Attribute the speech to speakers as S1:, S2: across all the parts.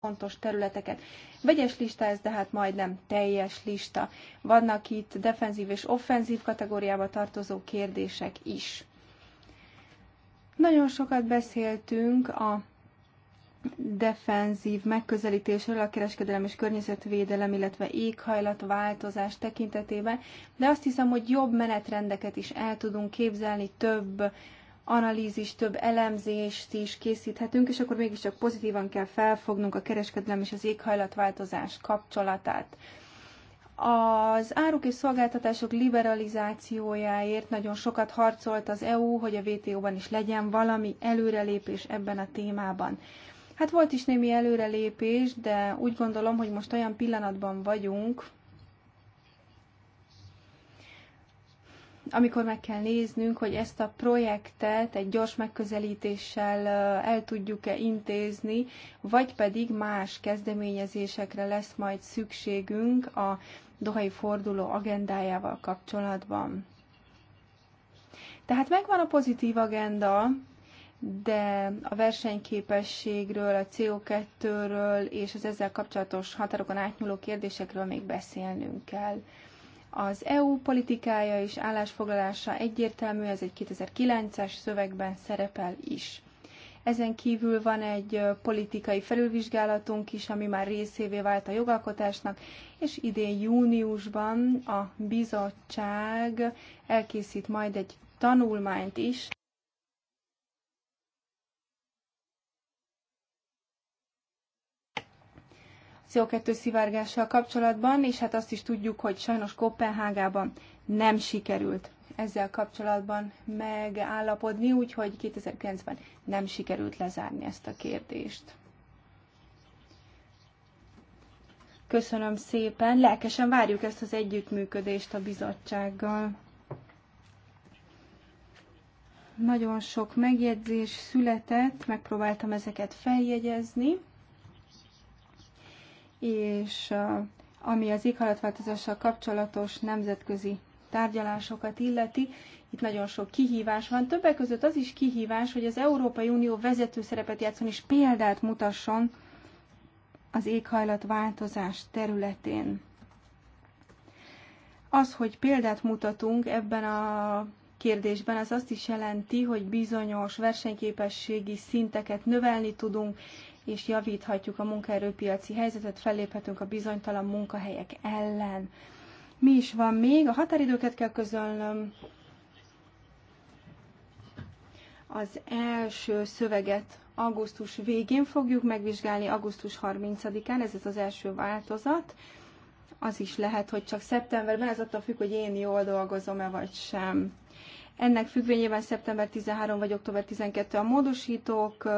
S1: fontos területeket. Vegyes lista ez, de hát majdnem teljes lista. Vannak itt defenzív és offenzív kategóriába tartozó kérdések is. Nagyon sokat beszéltünk a defenzív megközelítésről a kereskedelem és környezetvédelem, illetve változás tekintetében, de azt hiszem, hogy jobb menetrendeket is el tudunk képzelni, több analízis, több elemzést is készíthetünk, és akkor mégiscsak pozitívan kell felfognunk a kereskedelem és az éghajlatváltozás kapcsolatát. Az áruk és szolgáltatások liberalizációjáért nagyon sokat harcolt az EU, hogy a WTO-ban is legyen valami előrelépés ebben a témában. Hát volt is némi előrelépés, de úgy gondolom, hogy most olyan pillanatban vagyunk, amikor meg kell néznünk, hogy ezt a projektet egy gyors megközelítéssel el tudjuk-e intézni, vagy pedig más kezdeményezésekre lesz majd szükségünk a dohai forduló agendájával kapcsolatban. Tehát megvan a pozitív agenda, de a versenyképességről, a CO2-ről és az ezzel kapcsolatos határokon átnyúló kérdésekről még beszélnünk kell. Az EU politikája és állásfoglalása egyértelmű, ez egy 2009-es szövegben szerepel is. Ezen kívül van egy politikai felülvizsgálatunk is, ami már részévé vált a jogalkotásnak, és idén júniusban a bizottság elkészít majd egy tanulmányt is, CO2 szivárgással kapcsolatban, és hát azt is tudjuk, hogy sajnos Kopenhágában nem sikerült ezzel kapcsolatban megállapodni, úgyhogy 2009-ben nem sikerült lezárni ezt a kérdést. Köszönöm szépen, lelkesen várjuk ezt az együttműködést a bizottsággal. Nagyon sok megjegyzés született, megpróbáltam ezeket feljegyezni és ami az éghajlatváltozással kapcsolatos nemzetközi tárgyalásokat illeti, itt nagyon sok kihívás van. Többek között az is kihívás, hogy az Európai Unió vezető szerepet játszon és példát mutasson az éghajlatváltozás területén. Az, hogy példát mutatunk ebben a kérdésben, az azt is jelenti, hogy bizonyos versenyképességi szinteket növelni tudunk, és javíthatjuk a munkaerőpiaci helyzetet, felléphetünk a bizonytalan munkahelyek ellen. Mi is van még? A határidőket kell közölnöm. Az első szöveget augusztus végén fogjuk megvizsgálni, augusztus 30-án, ez az első változat. Az is lehet, hogy csak szeptemberben, ez attól függ, hogy én jól dolgozom-e vagy sem. Ennek függvényében szeptember 13 vagy október 12 a módosítók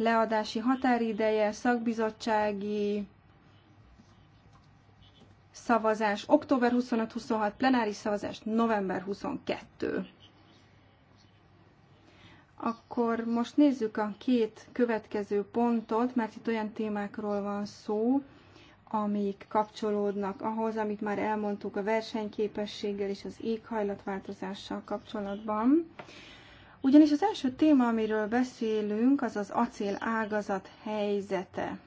S1: leadási határideje, szakbizottsági szavazás október 25-26, plenáris szavazás november 22. Akkor most nézzük a két következő pontot, mert itt olyan témákról van szó, amik kapcsolódnak ahhoz, amit már elmondtuk a versenyképességgel és az éghajlatváltozással kapcsolatban. Ugyanis az első téma, amiről beszélünk, az az acél ágazat helyzete.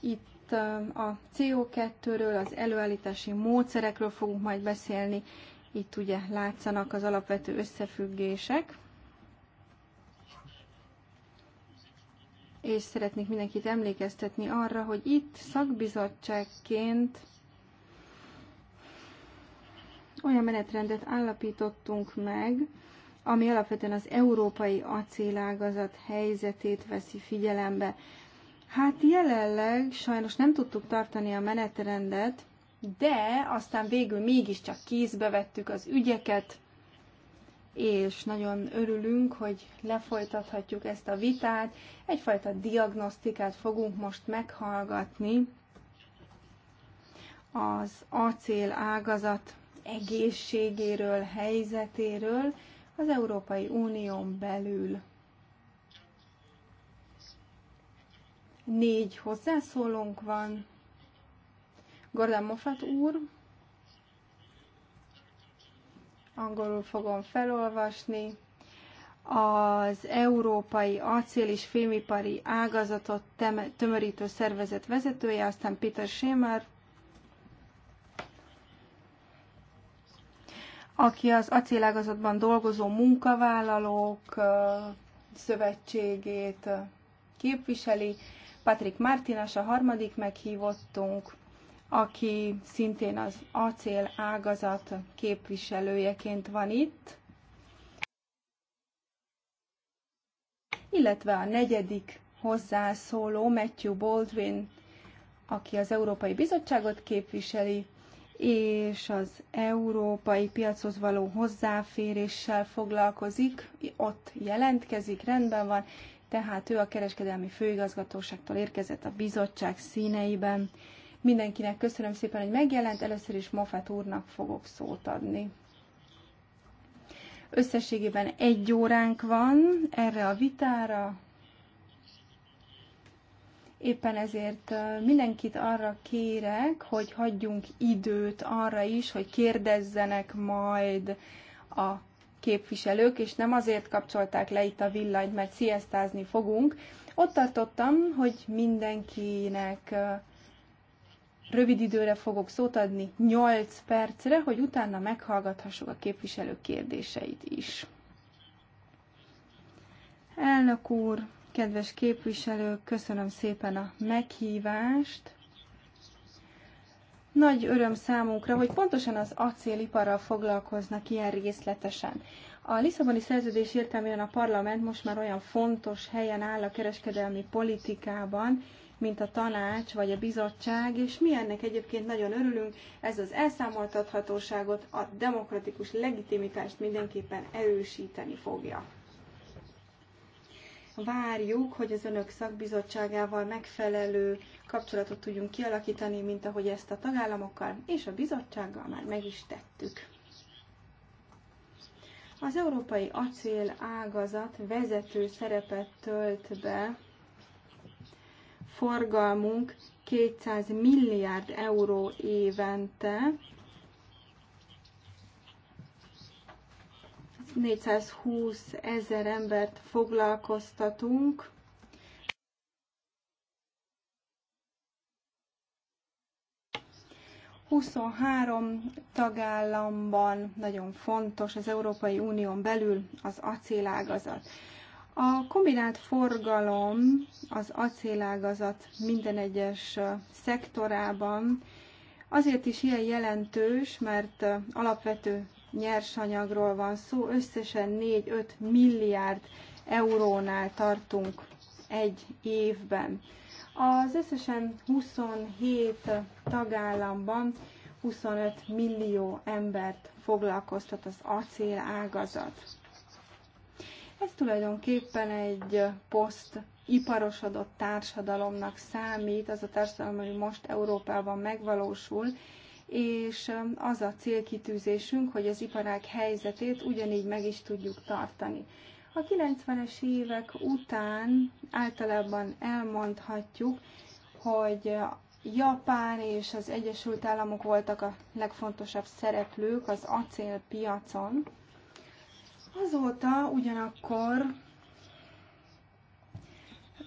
S1: Itt a CO2-ről, az előállítási módszerekről fogunk majd beszélni. Itt ugye látszanak az alapvető összefüggések. És szeretnék mindenkit emlékeztetni arra, hogy itt szakbizottságként olyan menetrendet állapítottunk meg, ami alapvetően az európai acélágazat helyzetét veszi figyelembe. Hát jelenleg sajnos nem tudtuk tartani a menetrendet, de aztán végül mégiscsak kézbe vettük az ügyeket, és nagyon örülünk, hogy lefolytathatjuk ezt a vitát. Egyfajta diagnosztikát fogunk most meghallgatni az acél ágazat egészségéről, helyzetéről az Európai Unión belül. Négy hozzászólónk van. Gordon Moffat úr, angolul fogom felolvasni, az Európai Acél és Fémipari Ágazatot Tömörítő Szervezet vezetője, aztán Peter Schemer, aki az acélágazatban dolgozó munkavállalók szövetségét képviseli, Patrik Mártinas a harmadik meghívottunk, aki szintén az acél ágazat képviselőjeként van itt, illetve a negyedik hozzászóló Matthew Baldwin, aki az Európai Bizottságot képviseli, és az európai piachoz való hozzáféréssel foglalkozik, ott jelentkezik, rendben van, tehát ő a kereskedelmi főigazgatóságtól érkezett a bizottság színeiben. Mindenkinek köszönöm szépen, hogy megjelent, először is Moffat úrnak fogok szót adni. Összességében egy óránk van erre a vitára, Éppen ezért mindenkit arra kérek, hogy hagyjunk időt arra is, hogy kérdezzenek majd a képviselők, és nem azért kapcsolták le itt a villanyt, mert sziasztázni fogunk. Ott tartottam, hogy mindenkinek rövid időre fogok szót adni, 8 percre, hogy utána meghallgathassuk a képviselők kérdéseit is. Elnök úr, Kedves képviselők, köszönöm szépen a meghívást. Nagy öröm számunkra, hogy pontosan az acéliparral foglalkoznak ilyen részletesen. A Lisszaboni szerződés értelmében a parlament most már olyan fontos helyen áll a kereskedelmi politikában, mint a tanács vagy a bizottság, és mi ennek egyébként nagyon örülünk, ez az elszámoltathatóságot, a demokratikus legitimitást mindenképpen erősíteni fogja várjuk, hogy az önök szakbizottságával megfelelő kapcsolatot tudjunk kialakítani, mint ahogy ezt a tagállamokkal és a bizottsággal már meg is tettük. Az európai acél ágazat vezető szerepet tölt be forgalmunk 200 milliárd euró évente, 420 ezer embert foglalkoztatunk, Huszonhárom tagállamban nagyon fontos az Európai Unión belül az acélágazat. A kombinált forgalom az acélágazat minden egyes szektorában azért is ilyen jelentős, mert alapvető nyersanyagról van szó, összesen 4-5 milliárd eurónál tartunk egy évben. Az összesen 27 tagállamban 25 millió embert foglalkoztat az acél ágazat. Ez tulajdonképpen egy poszt iparosodott társadalomnak számít, az a társadalom, ami most Európában megvalósul, és az a célkitűzésünk, hogy az iparág helyzetét ugyanígy meg is tudjuk tartani. A 90-es évek után általában elmondhatjuk, hogy Japán és az Egyesült Államok voltak a legfontosabb szereplők az acélpiacon. Azóta ugyanakkor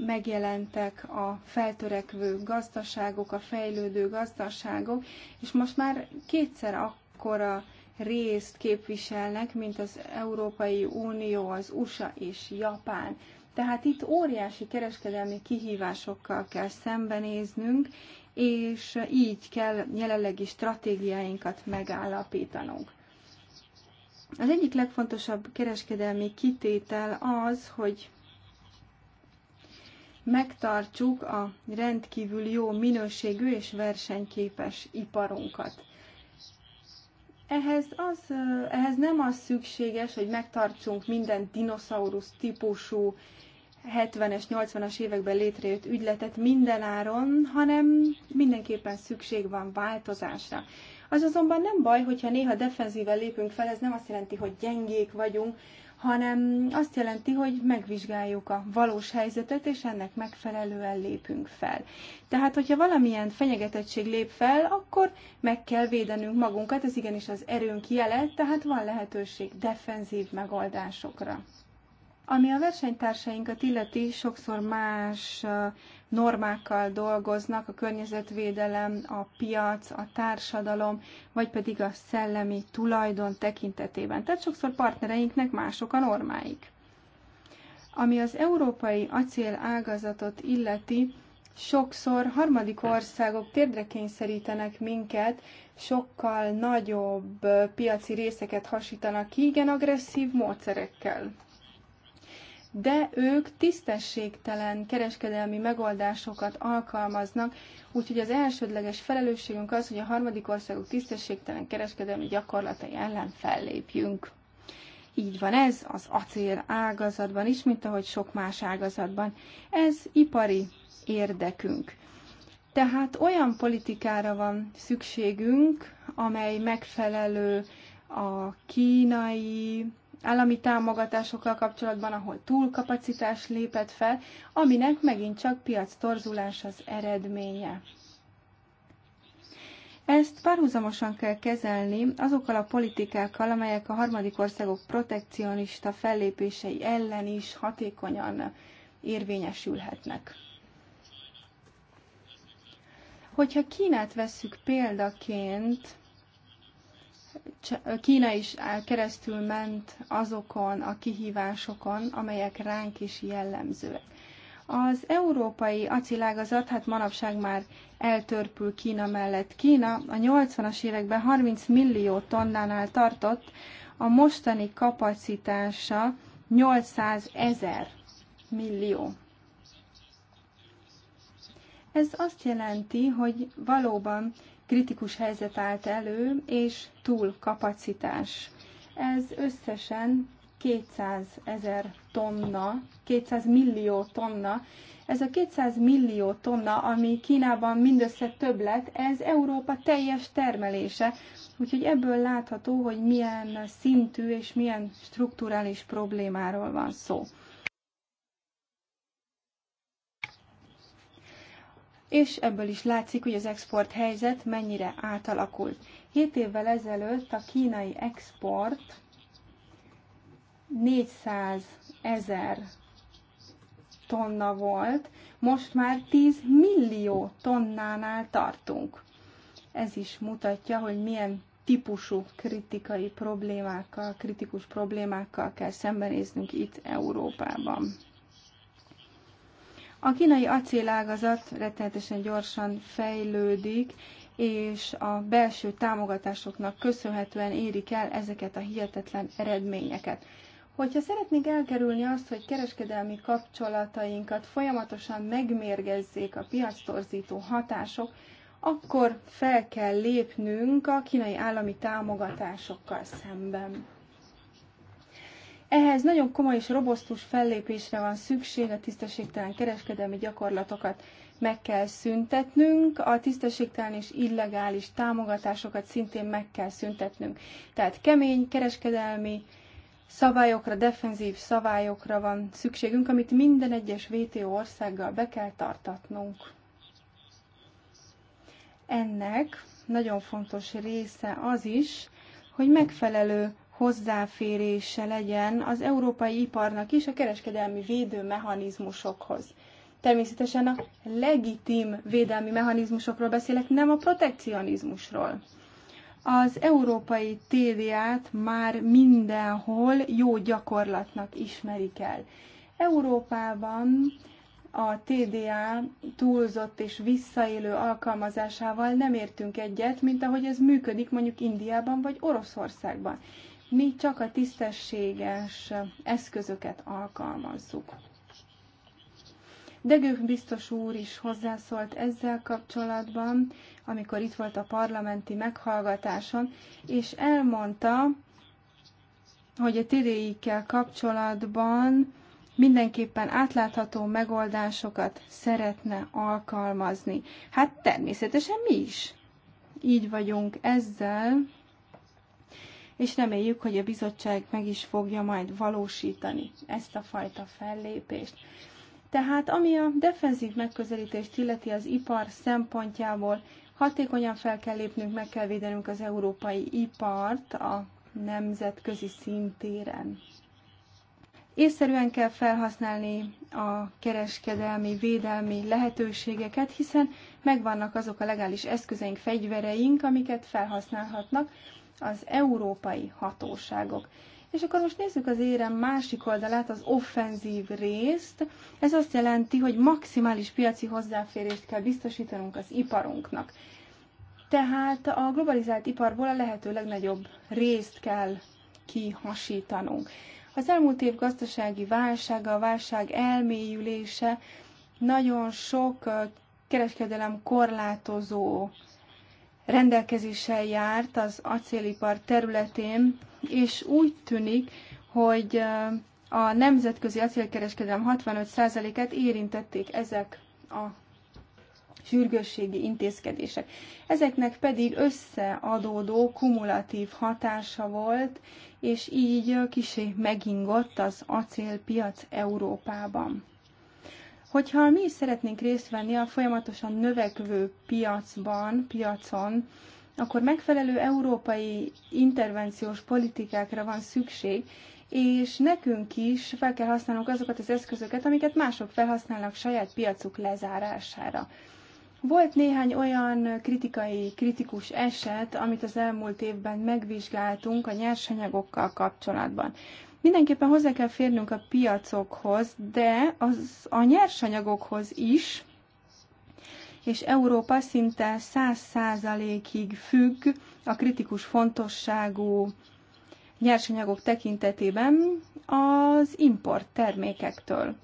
S1: megjelentek a feltörekvő gazdaságok, a fejlődő gazdaságok, és most már kétszer akkora részt képviselnek, mint az Európai Unió, az USA és Japán. Tehát itt óriási kereskedelmi kihívásokkal kell szembenéznünk, és így kell jelenlegi stratégiáinkat megállapítanunk. Az egyik legfontosabb kereskedelmi kitétel az, hogy megtartsuk a rendkívül jó minőségű és versenyképes iparunkat. Ehhez, az, ehhez nem az szükséges, hogy megtartsunk minden dinoszaurusz típusú 70-es, 80-as években létrejött ügyletet áron, hanem mindenképpen szükség van változásra. Az azonban nem baj, hogyha néha defenzíven lépünk fel, ez nem azt jelenti, hogy gyengék vagyunk, hanem azt jelenti, hogy megvizsgáljuk a valós helyzetet, és ennek megfelelően lépünk fel. Tehát, hogyha valamilyen fenyegetettség lép fel, akkor meg kell védenünk magunkat, ez igenis az erőnk jele, tehát van lehetőség defenzív megoldásokra. Ami a versenytársainkat illeti, sokszor más normákkal dolgoznak, a környezetvédelem, a piac, a társadalom, vagy pedig a szellemi tulajdon tekintetében. Tehát sokszor partnereinknek mások a normáik. Ami az európai acél ágazatot illeti, sokszor harmadik országok térdre kényszerítenek minket, sokkal nagyobb piaci részeket hasítanak ki, igen agresszív módszerekkel de ők tisztességtelen kereskedelmi megoldásokat alkalmaznak, úgyhogy az elsődleges felelősségünk az, hogy a harmadik országok tisztességtelen kereskedelmi gyakorlatai ellen fellépjünk. Így van ez az acél ágazatban is, mint ahogy sok más ágazatban. Ez ipari érdekünk. Tehát olyan politikára van szükségünk, amely megfelelő a kínai, állami támogatásokkal kapcsolatban, ahol túlkapacitás lépett fel, aminek megint csak piac torzulás az eredménye. Ezt párhuzamosan kell kezelni azokkal a politikákkal, amelyek a harmadik országok protekcionista fellépései ellen is hatékonyan érvényesülhetnek. Hogyha Kínát vesszük példaként, Kína is keresztül ment azokon a kihívásokon, amelyek ránk is jellemzőek. Az európai acilágazat, hát manapság már eltörpül Kína mellett. Kína a 80-as években 30 millió tonnánál tartott, a mostani kapacitása 800 ezer millió. Ez azt jelenti, hogy valóban kritikus helyzet állt elő, és túlkapacitás. Ez összesen 200 ezer tonna, 200 millió tonna. Ez a 200 millió tonna, ami Kínában mindössze több lett, ez Európa teljes termelése. Úgyhogy ebből látható, hogy milyen szintű és milyen strukturális problémáról van szó. és ebből is látszik, hogy az export helyzet mennyire átalakult. 7 évvel ezelőtt a kínai export 400 ezer tonna volt, most már 10 millió tonnánál tartunk. Ez is mutatja, hogy milyen típusú kritikai problémákkal, kritikus problémákkal kell szembenéznünk itt Európában. A kínai acélágazat rettenetesen gyorsan fejlődik, és a belső támogatásoknak köszönhetően érik el ezeket a hihetetlen eredményeket. Hogyha szeretnénk elkerülni azt, hogy kereskedelmi kapcsolatainkat folyamatosan megmérgezzék a piactorzító hatások, akkor fel kell lépnünk a kínai állami támogatásokkal szemben. Ehhez nagyon komoly és robosztus fellépésre van szükség, a tisztességtelen kereskedelmi gyakorlatokat meg kell szüntetnünk, a tisztességtelen és illegális támogatásokat szintén meg kell szüntetnünk. Tehát kemény kereskedelmi szabályokra, defenzív szabályokra van szükségünk, amit minden egyes VTO országgal be kell tartatnunk. Ennek nagyon fontos része az is, hogy megfelelő hozzáférése legyen az európai iparnak is a kereskedelmi védőmechanizmusokhoz. Természetesen a legitim védelmi mechanizmusokról beszélek, nem a protekcionizmusról. Az európai TDA-t már mindenhol jó gyakorlatnak ismerik el. Európában a TDA túlzott és visszaélő alkalmazásával nem értünk egyet, mint ahogy ez működik mondjuk Indiában vagy Oroszországban mi csak a tisztességes eszközöket alkalmazzuk. Degők biztos úr is hozzászólt ezzel kapcsolatban, amikor itt volt a parlamenti meghallgatáson, és elmondta, hogy a tiréikkel kapcsolatban mindenképpen átlátható megoldásokat szeretne alkalmazni. Hát természetesen mi is így vagyunk ezzel, és reméljük, hogy a bizottság meg is fogja majd valósítani ezt a fajta fellépést. Tehát ami a defenzív megközelítést illeti az ipar szempontjából, hatékonyan fel kell lépnünk, meg kell védenünk az európai ipart a nemzetközi szintéren. Észszerűen kell felhasználni a kereskedelmi, védelmi lehetőségeket, hiszen megvannak azok a legális eszközeink, fegyvereink, amiket felhasználhatnak az európai hatóságok. És akkor most nézzük az érem másik oldalát, az offenzív részt. Ez azt jelenti, hogy maximális piaci hozzáférést kell biztosítanunk az iparunknak. Tehát a globalizált iparból a lehető legnagyobb részt kell kihasítanunk. Az elmúlt év gazdasági válsága, a válság elmélyülése nagyon sok kereskedelem korlátozó rendelkezéssel járt az acélipar területén, és úgy tűnik, hogy a nemzetközi acélkereskedelem 65%-át érintették ezek a sürgősségi intézkedések. Ezeknek pedig összeadódó kumulatív hatása volt, és így kisé megingott az acélpiac Európában. Hogyha mi is szeretnénk részt venni a folyamatosan növekvő piacban, piacon, akkor megfelelő európai intervenciós politikákra van szükség, és nekünk is fel kell használnunk azokat az eszközöket, amiket mások felhasználnak saját piacuk lezárására. Volt néhány olyan kritikai, kritikus eset, amit az elmúlt évben megvizsgáltunk a nyersanyagokkal kapcsolatban. Mindenképpen hozzá kell férnünk a piacokhoz, de az a nyersanyagokhoz is, és Európa szinte 100%-ig függ a kritikus fontosságú nyersanyagok tekintetében az import termékektől.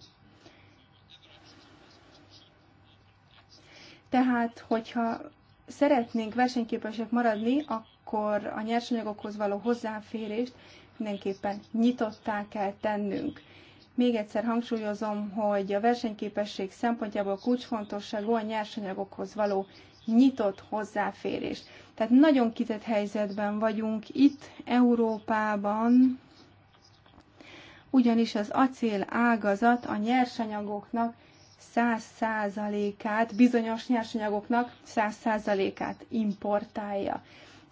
S1: Tehát, hogyha szeretnénk versenyképesek maradni, akkor a nyersanyagokhoz való hozzáférést mindenképpen nyitottá kell tennünk. Még egyszer hangsúlyozom, hogy a versenyképesség szempontjából kulcsfontosságú a nyersanyagokhoz való nyitott hozzáférés. Tehát nagyon kitett helyzetben vagyunk itt Európában, ugyanis az acél ágazat a nyersanyagoknak 100%-át, bizonyos nyersanyagoknak 100%-át importálja.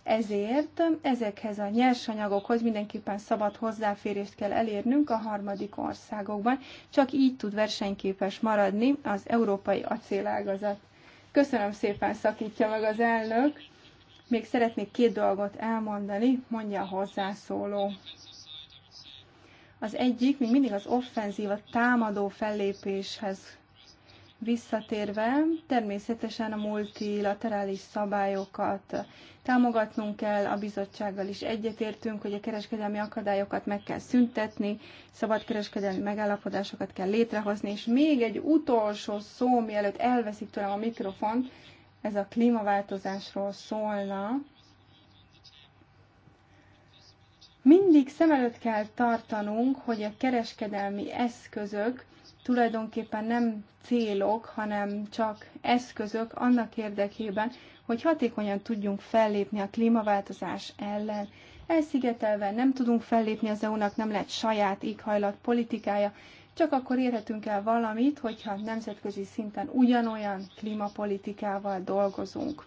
S1: Ezért ezekhez a nyersanyagokhoz mindenképpen szabad hozzáférést kell elérnünk a harmadik országokban, csak így tud versenyképes maradni az európai acélágazat. Köszönöm szépen, szakítja meg az elnök. Még szeretnék két dolgot elmondani, mondja a hozzászóló. Az egyik még mindig az offenzív, a támadó fellépéshez Visszatérve, természetesen a multilaterális szabályokat támogatnunk kell, a bizottsággal is egyetértünk, hogy a kereskedelmi akadályokat meg kell szüntetni, szabad kereskedelmi megállapodásokat kell létrehozni, és még egy utolsó szó, mielőtt elveszik tőlem a mikrofont, ez a klímaváltozásról szólna. Mindig szem előtt kell tartanunk, hogy a kereskedelmi eszközök tulajdonképpen nem célok, hanem csak eszközök annak érdekében, hogy hatékonyan tudjunk fellépni a klímaváltozás ellen. Elszigetelve nem tudunk fellépni az EU-nak, nem lehet saját éghajlat politikája, csak akkor érhetünk el valamit, hogyha nemzetközi szinten ugyanolyan klímapolitikával dolgozunk.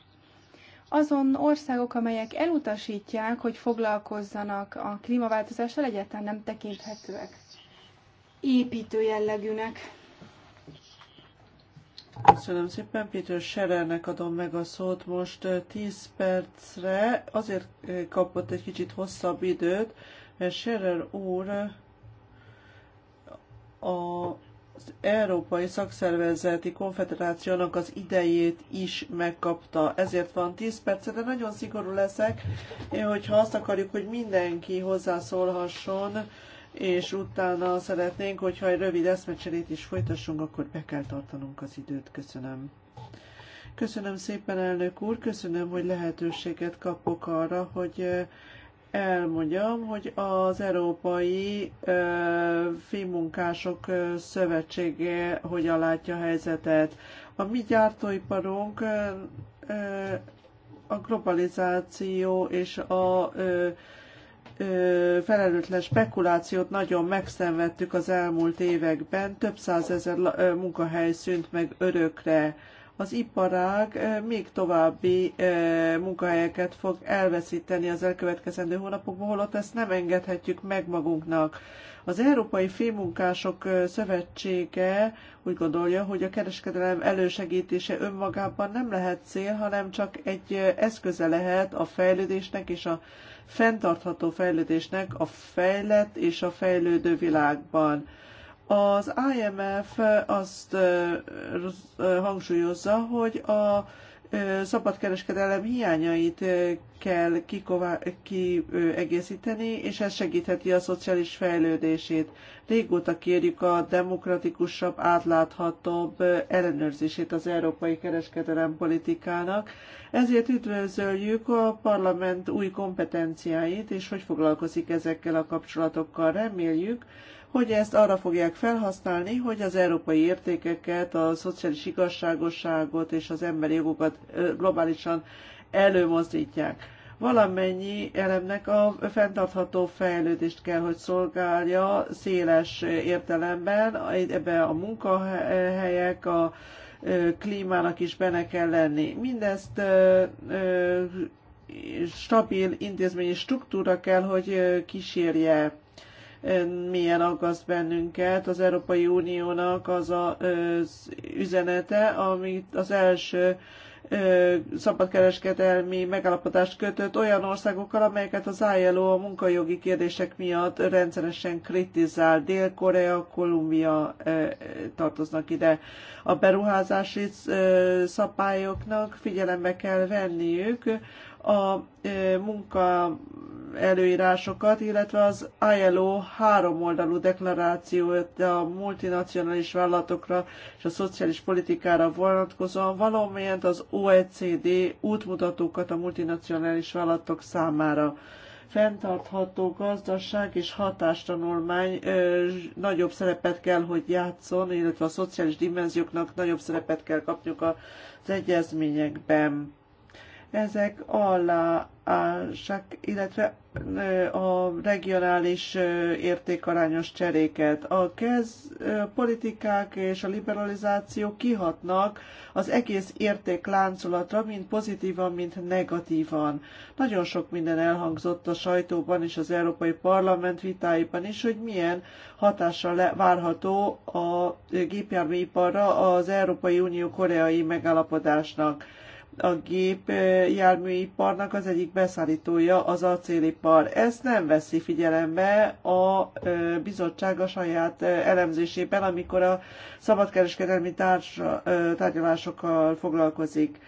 S1: Azon országok, amelyek elutasítják, hogy foglalkozzanak a klímaváltozással, egyáltalán nem tekinthetőek építő jellegűnek.
S2: Köszönöm szépen, Péter Serelnek adom meg a szót most 10 percre. Azért kapott egy kicsit hosszabb időt, mert Serel úr az Európai Szakszervezeti Konfederációnak az idejét is megkapta. Ezért van 10 perc, de nagyon szigorú leszek, hogyha azt akarjuk, hogy mindenki hozzászólhasson, és utána szeretnénk, hogyha egy rövid eszmecserét is folytassunk, akkor be kell tartanunk az időt. Köszönöm. Köszönöm szépen, elnök úr, köszönöm, hogy lehetőséget kapok arra, hogy elmondjam, hogy az Európai fémunkások Filmmunkások Szövetsége hogyan látja a helyzetet. A mi gyártóiparunk a globalizáció és a ö, felelőtlen spekulációt nagyon megszenvedtük az elmúlt években, több százezer munkahely szűnt meg örökre. Az iparág még további munkahelyeket fog elveszíteni az elkövetkezendő hónapokban, holott ezt nem engedhetjük meg magunknak. Az Európai Fémunkások Szövetsége úgy gondolja, hogy a kereskedelem elősegítése önmagában nem lehet cél, hanem csak egy eszköze lehet a fejlődésnek és a fenntartható fejlődésnek a fejlett és a fejlődő világban. Az IMF azt hangsúlyozza, hogy a szabadkereskedelem hiányait kell kiegészíteni, és ez segítheti a szociális fejlődését. Régóta kérjük a demokratikusabb, átláthatóbb ellenőrzését az európai kereskedelem politikának, ezért üdvözöljük a parlament új kompetenciáit, és hogy foglalkozik ezekkel a kapcsolatokkal. Reméljük, hogy ezt arra fogják felhasználni, hogy az európai értékeket, a szociális igazságosságot és az emberi jogokat globálisan előmozdítják valamennyi elemnek a fenntartható fejlődést kell, hogy szolgálja széles értelemben, ebbe a munkahelyek, a klímának is benne kell lenni. Mindezt stabil intézményi struktúra kell, hogy kísérje milyen aggaszt bennünket. Az Európai Uniónak az az üzenete, amit az első szabadkereskedelmi megállapodást kötött olyan országokkal, amelyeket az ILO a munkajogi kérdések miatt rendszeresen kritizál. Dél-Korea, Kolumbia tartoznak ide. A beruházási szabályoknak figyelembe kell venniük a munka előírásokat, illetve az ILO oldalú deklarációt a multinacionális vállalatokra és a szociális politikára vonatkozóan, valamint az OECD útmutatókat a multinacionális vállalatok számára Fentartható gazdaság és hatástanulmány ö, nagyobb szerepet kell, hogy játszon, illetve a szociális dimenzióknak nagyobb szerepet kell kapniuk az egyezményekben ezek aláássák, illetve a regionális értékarányos cseréket. A kez politikák és a liberalizáció kihatnak az egész értékláncolatra, mind pozitívan, mind negatívan. Nagyon sok minden elhangzott a sajtóban és az Európai Parlament vitáiban is, hogy milyen hatással várható a gépjárműiparra az Európai Unió koreai megállapodásnak a járműiparnak az egyik beszállítója az acélipar. Ezt nem veszi figyelembe a bizottság a saját elemzésében, amikor a szabadkereskedelmi tárgyalásokkal foglalkozik.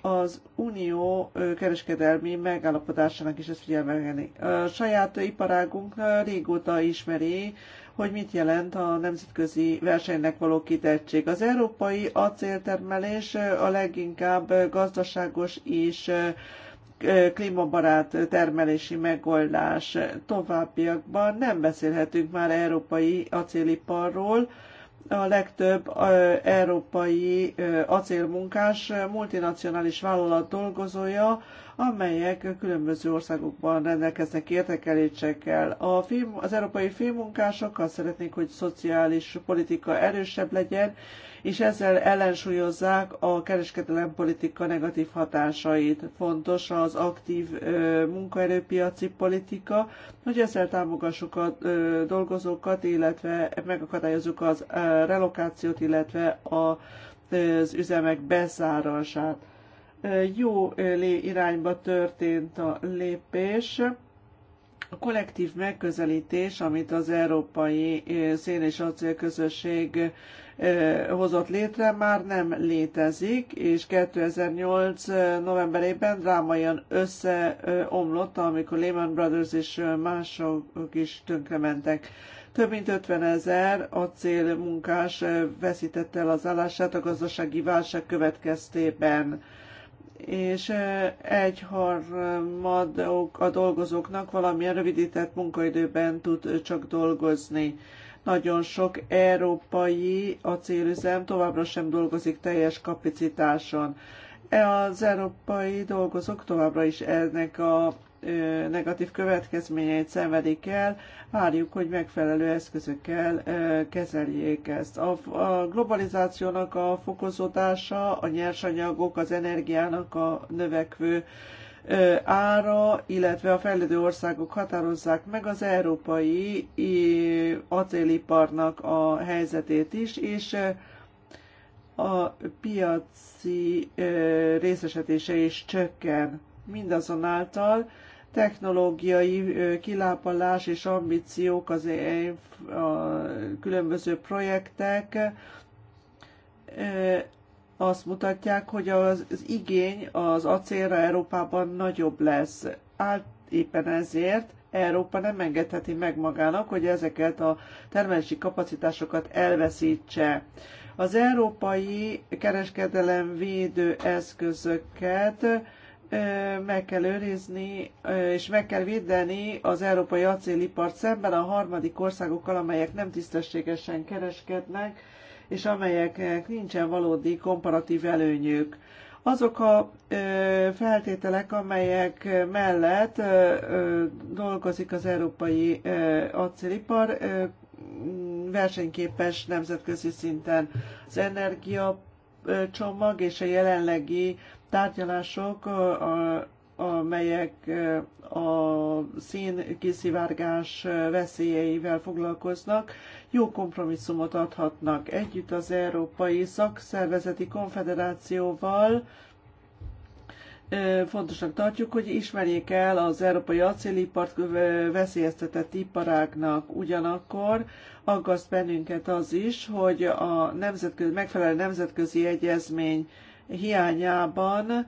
S2: Az unió kereskedelmi megállapodásának is ezt figyelme A saját iparágunk régóta ismeri hogy mit jelent a nemzetközi versenynek való kitettség. Az európai acéltermelés a leginkább gazdaságos és klímabarát termelési megoldás. Továbbiakban nem beszélhetünk már európai acéliparról, a legtöbb európai acélmunkás multinacionális vállalat dolgozója, amelyek különböző országokban rendelkeznek értekelésekkel. A film, az európai filmmunkások azt szeretnék, hogy szociális politika erősebb legyen, és ezzel ellensúlyozzák a kereskedelem politika negatív hatásait. Fontos az aktív munkaerőpiaci politika, hogy ezzel támogassuk a dolgozókat, illetve megakadályozzuk az relokációt, illetve a az üzemek bezárását jó irányba történt a lépés. A kollektív megközelítés, amit az Európai Szén és Acélközösség hozott létre, már nem létezik, és 2008. novemberében drámaian összeomlott, amikor Lehman Brothers és mások is tönkrementek. Több mint 50 ezer acélmunkás veszítette el az állását a gazdasági válság következtében és egyharmaduk a dolgozóknak valamilyen rövidített munkaidőben tud csak dolgozni. Nagyon sok európai acélüzem továbbra sem dolgozik teljes kapacitáson. Az európai dolgozók továbbra is ennek a negatív következményeit szenvedik el, várjuk, hogy megfelelő eszközökkel kezeljék ezt. A, globalizációnak a fokozódása, a nyersanyagok, az energiának a növekvő ára, illetve a fejlődő országok határozzák meg az európai acéliparnak a helyzetét is, és a piaci részesedése is csökken. Mindazonáltal technológiai kilápolás és ambíciók az a különböző projektek azt mutatják, hogy az, az igény az acélra Európában nagyobb lesz. Át, éppen ezért Európa nem engedheti meg magának, hogy ezeket a termelési kapacitásokat elveszítse. Az európai kereskedelem védő eszközöket meg kell őrizni és meg kell védeni az európai acélipart szemben a harmadik országokkal, amelyek nem tisztességesen kereskednek, és amelyeknek nincsen valódi komparatív előnyük. Azok a feltételek, amelyek mellett dolgozik az európai acélipar, versenyképes nemzetközi szinten. Az energia csomag és a jelenlegi tárgyalások, amelyek a szín kiszivárgás veszélyeivel foglalkoznak, jó kompromisszumot adhatnak együtt az Európai Szakszervezeti Konfederációval, fontosnak tartjuk, hogy ismerjék el az európai acélipart veszélyeztetett iparágnak. Ugyanakkor aggaszt bennünket az is, hogy a nemzetközi, megfelelő nemzetközi egyezmény hiányában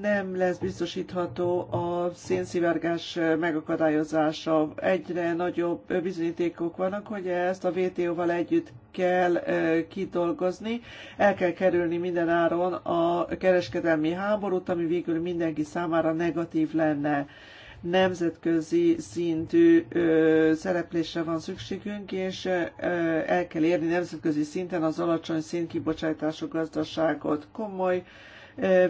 S2: nem lesz biztosítható a szénszivárgás megakadályozása. Egyre nagyobb bizonyítékok vannak, hogy ezt a vto val együtt kell kidolgozni. El kell kerülni minden áron a kereskedelmi háborút, ami végül mindenki számára negatív lenne nemzetközi szintű szereplésre van szükségünk, és el kell érni nemzetközi szinten az alacsony szintkibocsátású gazdaságot. Komoly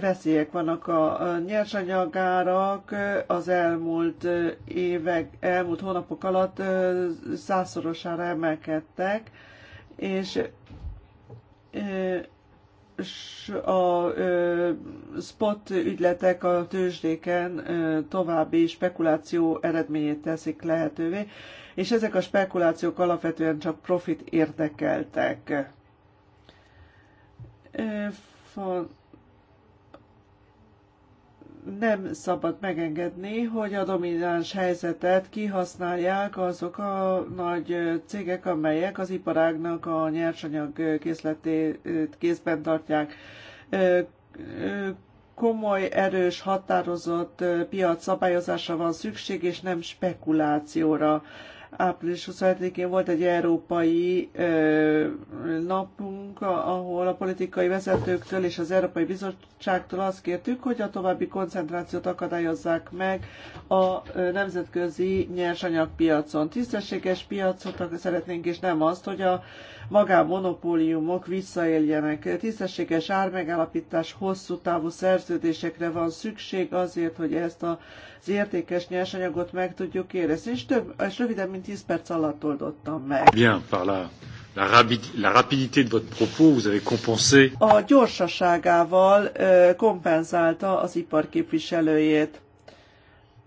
S2: veszélyek vannak a nyersanyagárak az elmúlt évek, elmúlt hónapok alatt százszorosára emelkedtek, és a spot ügyletek a tőzsdéken további spekuláció eredményét teszik lehetővé, és ezek a spekulációk alapvetően csak profit érdekeltek nem szabad megengedni, hogy a domináns helyzetet kihasználják azok a nagy cégek, amelyek az iparágnak a nyersanyag készletét kézben tartják. Komoly, erős, határozott piac szabályozásra van szükség, és nem spekulációra április 25-én volt egy európai napunk, ahol a politikai vezetőktől és az Európai Bizottságtól azt kértük, hogy a további koncentrációt akadályozzák meg a nemzetközi nyersanyagpiacon. Tisztességes piacot szeretnénk, és nem azt, hogy a magánmonopóliumok visszaéljenek. Tisztességes ármegállapítás hosszú távú szerződésekre van szükség azért, hogy ezt az értékes nyersanyagot meg tudjuk érezni, és, több, és röviden, mint 10 perc alatt oldottam meg. Bien,
S1: par la, la, rapid, la rapidité de votre
S2: propos, vous avez compensé. A gyorsaságával kompenzálta az ipar képviselőjét.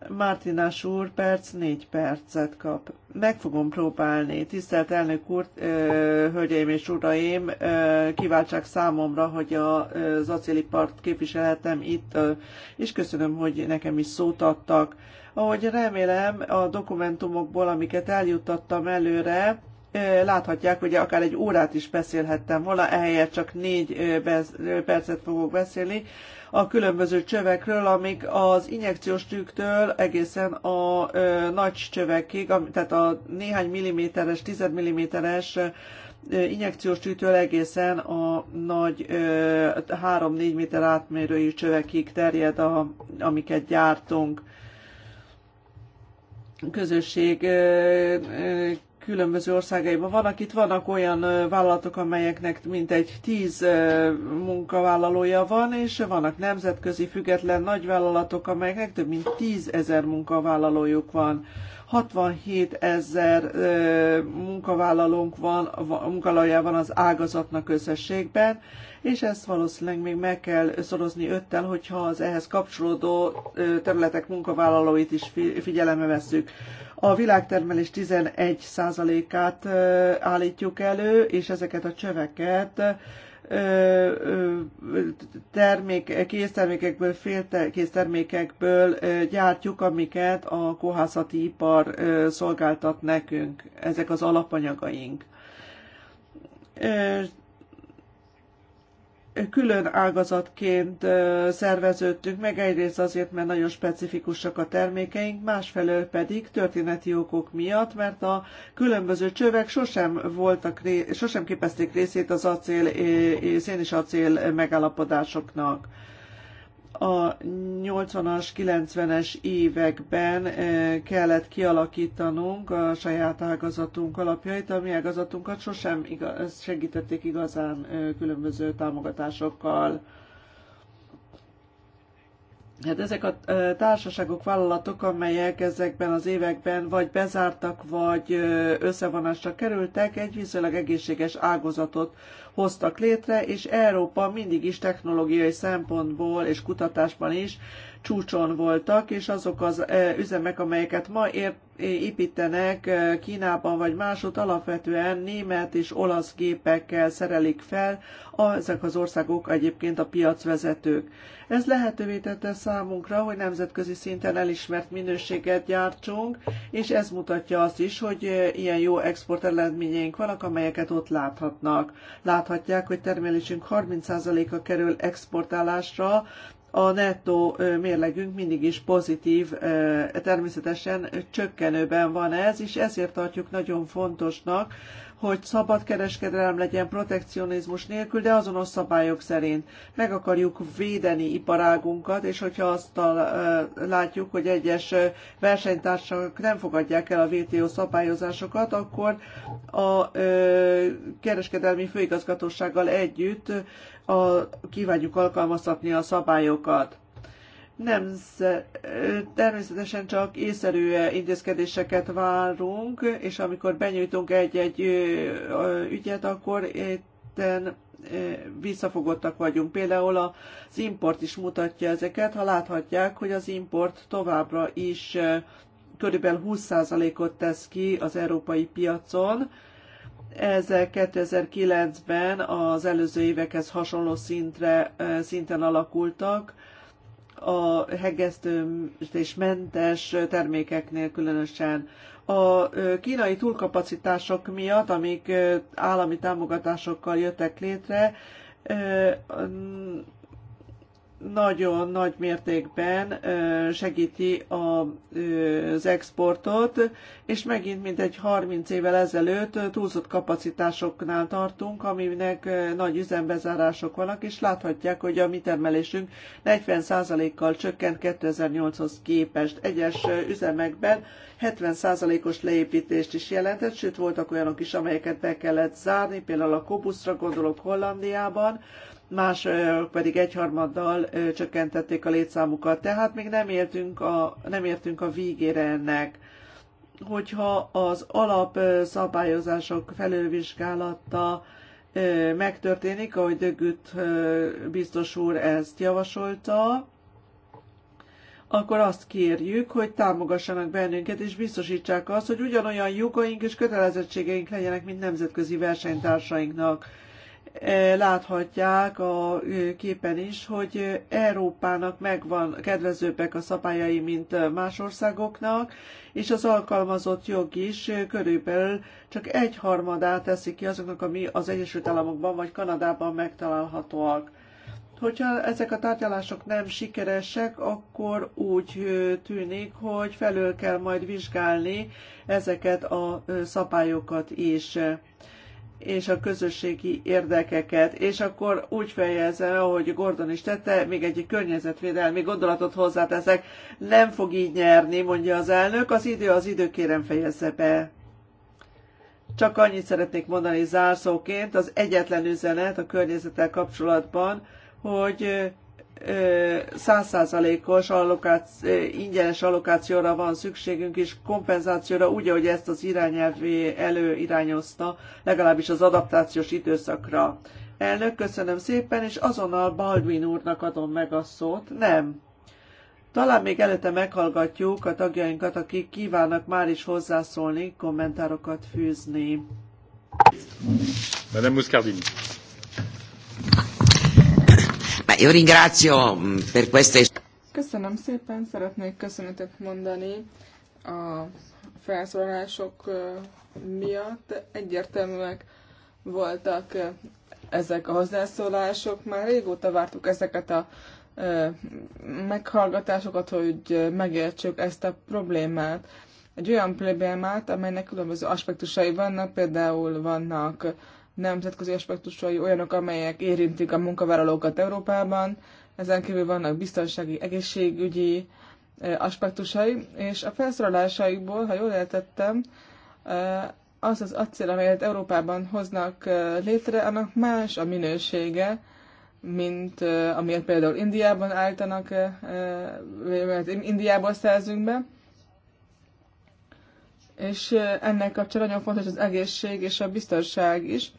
S2: Mártinás úr perc, négy percet kap. Meg fogom próbálni. Tisztelt elnök úr, hölgyeim és uraim, kiváltsák számomra, hogy a, az part képviselhetem itt, és köszönöm, hogy nekem is szót adtak. Ahogy remélem a dokumentumokból, amiket eljuttattam előre, láthatják, hogy akár egy órát is beszélhettem volna, ehelyett csak négy percet fogok beszélni a különböző csövekről, amik az injekciós tűktől egészen a nagy csövekig, tehát a néhány milliméteres, tized milliméteres injekciós tűtől egészen a nagy 3-4 méter átmérőjű csövekig terjed, a, amiket gyártunk közösség különböző országaiban vannak. Itt vannak olyan vállalatok, amelyeknek mintegy tíz munkavállalója van, és vannak nemzetközi független nagyvállalatok, amelyeknek több mint tízezer munkavállalójuk van. 67 ezer munkavállalónk van, munkavállalója van az ágazatnak összességben, és ezt valószínűleg még meg kell szorozni öttel, hogyha az ehhez kapcsolódó területek munkavállalóit is figyelembe vesszük. A világtermelés 11%-át állítjuk elő, és ezeket a csöveket termék, késztermékekből, féltermékekből gyártjuk, amiket a kohászati ipar szolgáltat nekünk, ezek az alapanyagaink külön ágazatként szerveződtünk meg, egyrészt azért, mert nagyon specifikusak a termékeink, másfelől pedig történeti okok miatt, mert a különböző csövek sosem, voltak, sosem képezték részét az acél, szén és acél megállapodásoknak a 80-as, 90-es években kellett kialakítanunk a saját ágazatunk alapjait, a mi ágazatunkat sosem igaz, segítették igazán különböző támogatásokkal. Hát ezek a társaságok, vállalatok, amelyek ezekben az években vagy bezártak, vagy összevonásra kerültek, egy viszonylag egészséges ágazatot hoztak létre, és Európa mindig is technológiai szempontból és kutatásban is csúcson voltak, és azok az üzemek, amelyeket ma építenek Kínában vagy másod alapvetően német és olasz gépekkel szerelik fel, ezek az országok egyébként a piacvezetők. Ez lehetővé tette számunkra, hogy nemzetközi szinten elismert minőséget gyártsunk, és ez mutatja azt is, hogy ilyen jó export eredményeink vannak, amelyeket ott láthatnak. Láthatják, hogy termelésünk 30%-a kerül exportálásra, a nettó mérlegünk mindig is pozitív, természetesen csökkenőben van ez, és ezért tartjuk nagyon fontosnak, hogy szabad kereskedelem legyen protekcionizmus nélkül, de azonos szabályok szerint. Meg akarjuk védeni iparágunkat, és hogyha azt látjuk, hogy egyes versenytársak nem fogadják el a VTO szabályozásokat, akkor a kereskedelmi főigazgatósággal együtt a, kívánjuk alkalmazhatni a szabályokat. Nem, természetesen csak észszerű intézkedéseket várunk, és amikor benyújtunk egy-egy ügyet, akkor itten visszafogottak vagyunk. Például az import is mutatja ezeket, ha láthatják, hogy az import továbbra is körülbelül 20%-ot tesz ki az európai piacon, Ezzel 2009-ben az előző évekhez hasonló szintre, szinten alakultak, a mentes termékeknél különösen. A kínai túlkapacitások miatt, amik állami támogatásokkal jöttek létre, nagyon nagy mértékben segíti az exportot, és megint mintegy 30 évvel ezelőtt túlzott kapacitásoknál tartunk, aminek nagy üzembezárások vannak, és láthatják, hogy a mi termelésünk 40%-kal csökkent 2008-hoz képest. Egyes üzemekben 70%-os leépítést is jelentett, sőt voltak olyanok is, amelyeket be kellett zárni, például a Kobuszra gondolok Hollandiában, más pedig egyharmaddal csökkentették a létszámukat. Tehát még nem értünk a, nem értünk a végére ennek. Hogyha az alapszabályozások felülvizsgálata megtörténik, ahogy Dögüt biztos úr ezt javasolta, akkor azt kérjük, hogy támogassanak bennünket, és biztosítsák azt, hogy ugyanolyan jogaink és kötelezettségeink legyenek, mint nemzetközi versenytársainknak láthatják a képen is, hogy Európának megvan kedvezőbbek a szabályai, mint más országoknak, és az alkalmazott jog is körülbelül csak egy harmadát teszi ki azoknak, ami az Egyesült Államokban vagy Kanadában megtalálhatóak. Hogyha ezek a tárgyalások nem sikeresek, akkor úgy tűnik, hogy felül kell majd vizsgálni ezeket a szabályokat is és a közösségi érdekeket, és akkor úgy fejezze, ahogy Gordon is tette, még egy környezetvédelmi gondolatot hozzáteszek, nem fog így nyerni, mondja az elnök, az idő az időkérem kérem fejezze be. Csak annyit szeretnék mondani zárszóként, az egyetlen üzenet a környezettel kapcsolatban, hogy százszázalékos allokáció, ingyenes allokációra van szükségünk, és kompenzációra, úgy, ahogy ezt az irányelvé előirányozta, legalábbis az adaptációs időszakra. Elnök, köszönöm szépen, és azonnal Baldwin úrnak adom meg a szót. Nem. Talán még előtte meghallgatjuk a tagjainkat, akik kívánnak már is hozzászólni, kommentárokat fűzni.
S1: Madame Muscardini. Io ringrazio per queste...
S3: Köszönöm szépen, szeretnék köszönetet mondani a felszólalások miatt. Egyértelműek voltak ezek a hozzászólások. Már régóta vártuk ezeket a meghallgatásokat, hogy megértsük ezt a problémát. Egy olyan problémát, amelynek különböző aspektusai vannak, például vannak nemzetközi aspektusai olyanok, amelyek érintik a munkavállalókat Európában, ezen kívül vannak biztonsági, egészségügyi aspektusai, és a felszólalásaikból, ha jól értettem, az az acél, amelyet Európában hoznak létre, annak más a minősége, mint amilyet például Indiában állítanak, mert Indiából szerzünk be. És ennek kapcsán nagyon fontos az egészség és a biztonság is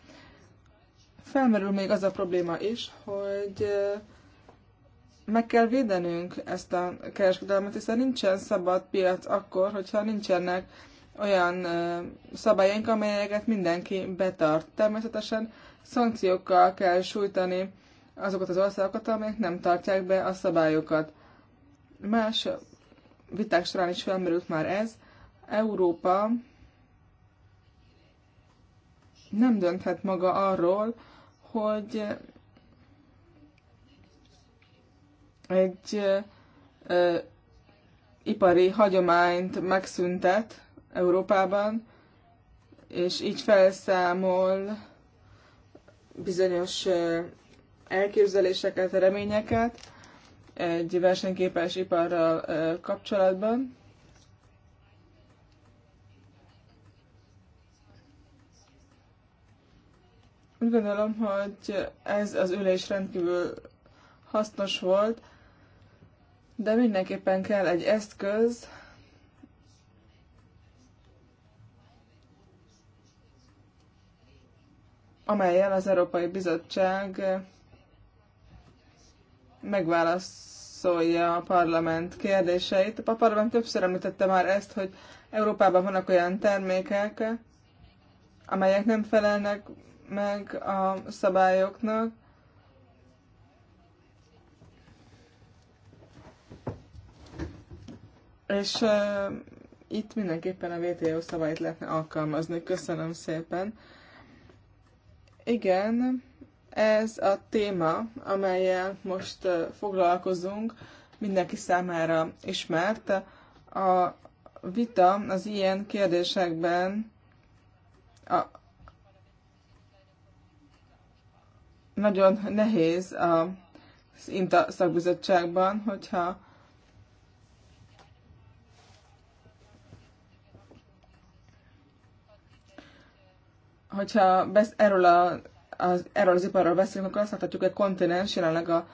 S3: felmerül még az a probléma is, hogy meg kell védenünk ezt a kereskedelmet, hiszen nincsen szabad piac akkor, hogyha nincsenek olyan szabályaink, amelyeket mindenki betart. Természetesen szankciókkal kell sújtani azokat az országokat, amelyek nem tartják be a szabályokat. Más viták során is felmerült már ez. Európa nem dönthet maga arról, hogy egy ö, ipari hagyományt megszüntet Európában, és így felszámol bizonyos ö, elképzeléseket, reményeket egy versenyképes iparral ö, kapcsolatban. Úgy gondolom, hogy ez az ülés rendkívül hasznos volt, de mindenképpen kell egy eszköz, amelyel az Európai Bizottság megválaszolja a parlament kérdéseit. A parlament többször említette már ezt, hogy Európában vannak olyan termékek, amelyek nem felelnek meg a szabályoknak. És uh, itt mindenképpen a WTO szabályt lehetne alkalmazni. Köszönöm szépen. Igen, ez a téma, amelyel most uh, foglalkozunk, mindenki számára ismert. A vita az ilyen kérdésekben a nagyon nehéz a, az szakbizottságban, hogyha hogyha besz, erről, a, az, erről az iparról beszélünk, akkor azt láthatjuk, hogy a kontinens jelenleg a,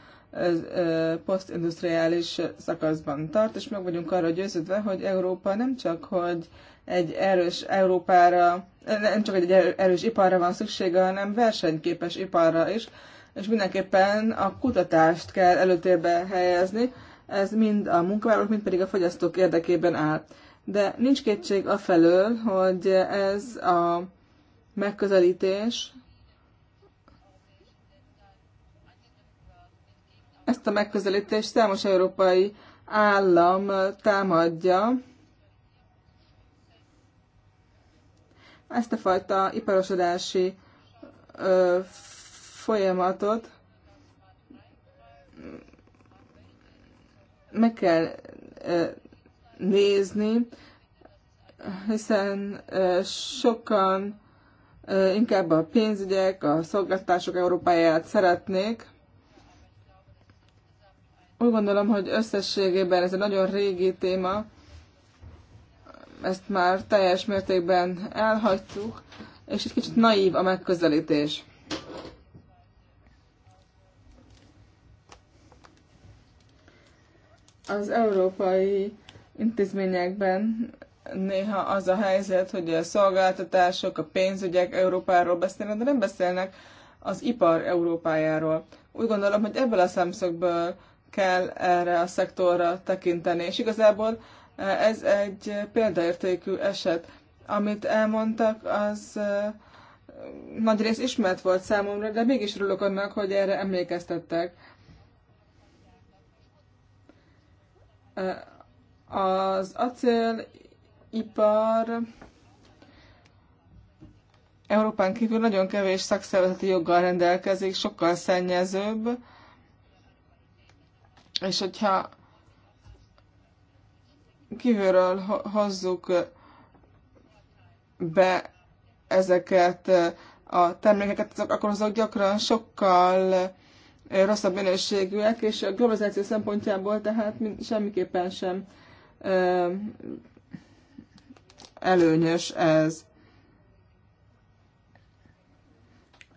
S3: posztindustriális szakaszban tart, és meg vagyunk arra győződve, hogy Európa nem csak, hogy egy erős Európára nem csak egy erős iparra van szüksége, hanem versenyképes iparra is, és mindenképpen a kutatást kell előtérbe helyezni, ez mind a munkavállalók, mind pedig a fogyasztók érdekében áll. De nincs kétség a felől, hogy ez a megközelítés, ezt a megközelítést számos európai állam támadja, ezt a fajta iparosodási ö, folyamatot meg kell ö, nézni, hiszen ö, sokan ö, inkább a pénzügyek, a szolgáltatások Európáját szeretnék. Úgy gondolom, hogy összességében ez egy nagyon régi téma, ezt már teljes mértékben elhagytuk, és egy kicsit naív a megközelítés. Az európai intézményekben néha az a helyzet, hogy a szolgáltatások, a pénzügyek Európáról beszélnek, de nem beszélnek az ipar Európájáról. Úgy gondolom, hogy ebből a szemszögből kell erre a szektorra tekinteni, és igazából Ez egy példaértékű eset. Amit elmondtak, az nagy rész ismert volt számomra, de mégis örülök annak, hogy erre emlékeztettek. Az acélipar Európán kívül nagyon kevés szakszervezeti joggal rendelkezik, sokkal szennyezőbb, és hogyha kívülről hozzuk be ezeket a termékeket, akkor azok gyakran sokkal rosszabb minőségűek, és a globalizáció szempontjából tehát semmiképpen sem előnyös ez.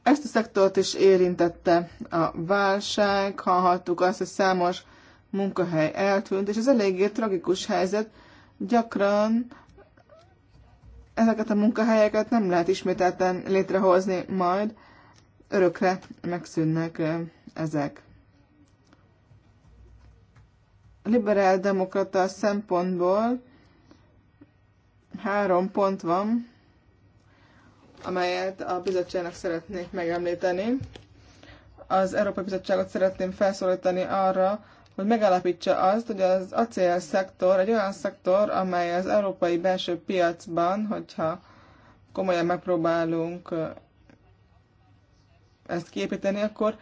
S3: Ezt a szektort is érintette a válság, hallhattuk azt, hogy számos munkahely eltűnt, és ez eléggé tragikus helyzet. Gyakran ezeket a munkahelyeket nem lehet ismételten létrehozni, majd örökre megszűnnek ezek. A liberál demokrata szempontból három pont van, amelyet a bizottságnak szeretnék megemlíteni. Az Európai Bizottságot szeretném felszólítani arra, hogy megalapítsa azt, hogy az acél szektor egy olyan szektor, amely az európai belső piacban, hogyha komolyan megpróbálunk ezt képíteni, akkor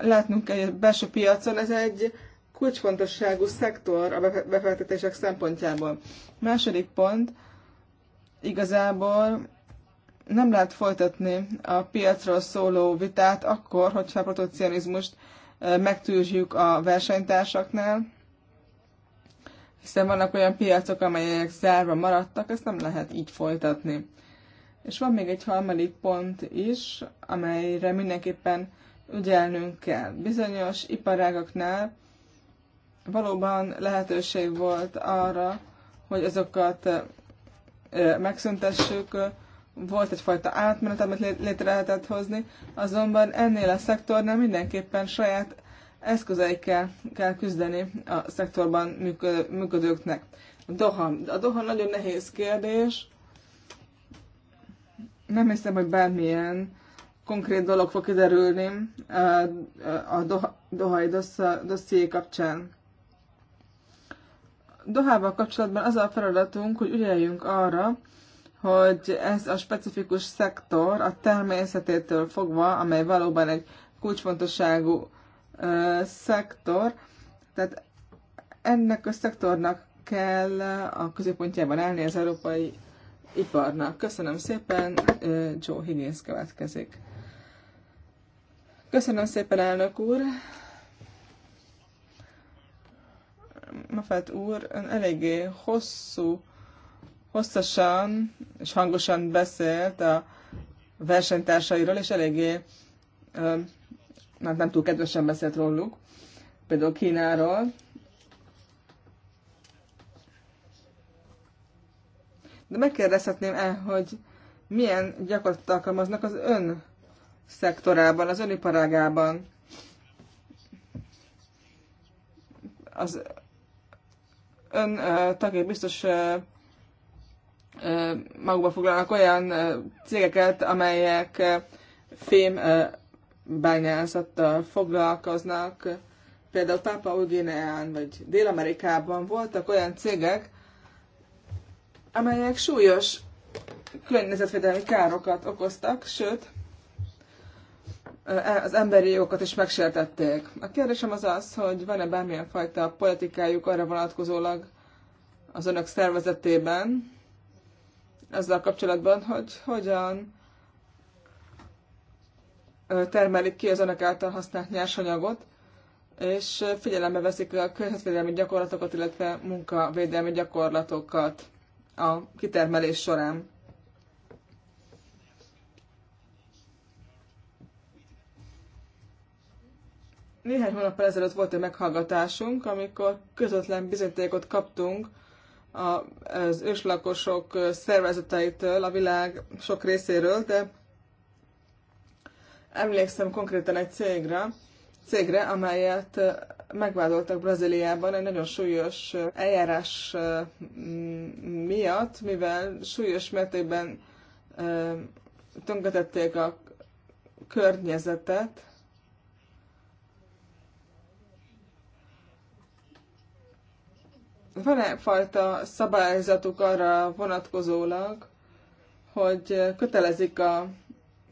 S3: látnunk egy belső piacon ez egy kulcsfontosságú szektor a befektetések szempontjából. Második pont, igazából nem lehet folytatni a piacról szóló vitát akkor, hogyha protekcionizmust megtűrjük a versenytársaknál, hiszen vannak olyan piacok, amelyek zárva maradtak, ezt nem lehet így folytatni. És van még egy harmadik pont is, amelyre mindenképpen ügyelnünk kell. Bizonyos iparágaknál valóban lehetőség volt arra, hogy azokat megszüntessük, volt egyfajta átmenet, amit létre lehetett hozni, azonban ennél a szektornál mindenképpen saját eszközeikkel kell küzdeni a szektorban működőknek. A Doha. A Doha nagyon nehéz kérdés. Nem hiszem, hogy bármilyen konkrét dolog fog kiderülni a Doha, Dohai dosszié kapcsán. Dohával kapcsolatban az a feladatunk, hogy ügyeljünk arra, hogy ez a specifikus szektor a természetétől fogva, amely valóban egy kulcsfontosságú ö, szektor, tehát ennek a szektornak kell a középpontjában állni az európai iparnak. Köszönöm szépen, Joe Higgins következik. Köszönöm szépen, elnök úr! Mafet úr, ön eléggé hosszú hosszasan és hangosan beszélt a versenytársairól, és eléggé nem, nem túl kedvesen beszélt róluk, például Kínáról. De megkérdezhetném el, hogy milyen gyakorlatot alkalmaznak az ön szektorában, az öniparágában. Az ön uh, tagja biztos uh, magukba foglalnak olyan cégeket, amelyek fém bányászattal foglalkoznak. Például Pápa Ugineán vagy Dél-Amerikában voltak olyan cégek, amelyek súlyos környezetvédelmi károkat okoztak, sőt, az emberi jogokat is megsértették. A kérdésem az az, hogy van-e bármilyen fajta politikájuk arra vonatkozólag az önök szervezetében, ezzel kapcsolatban, hogy hogyan termelik ki az önök által használt nyersanyagot, és figyelembe veszik a környezetvédelmi gyakorlatokat, illetve munkavédelmi gyakorlatokat a kitermelés során. Néhány hónap ezelőtt volt egy meghallgatásunk, amikor közvetlen bizonyítékot kaptunk az őslakosok szervezeteitől, a világ sok részéről, de emlékszem konkrétan egy cégre, cégre, amelyet megvádoltak Brazíliában egy nagyon súlyos eljárás miatt, mivel súlyos mértékben tönkretették a környezetet, van-e fajta szabályzatuk arra vonatkozólag, hogy kötelezik a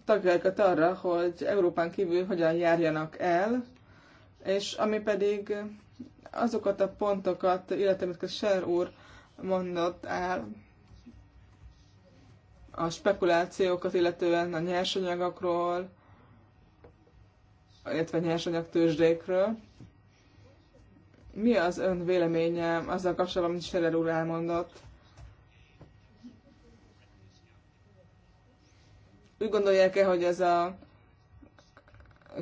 S3: tagjaikat arra, hogy Európán kívül hogyan járjanak el, és ami pedig azokat a pontokat, illetve amiket Ser úr mondott el, a spekulációkat, illetően a nyersanyagokról, illetve nyersanyagtőzsdékről. Mi az ön véleménye azzal kapcsolatban, amit Scherer úr elmondott? Úgy gondolják-e, hogy ez a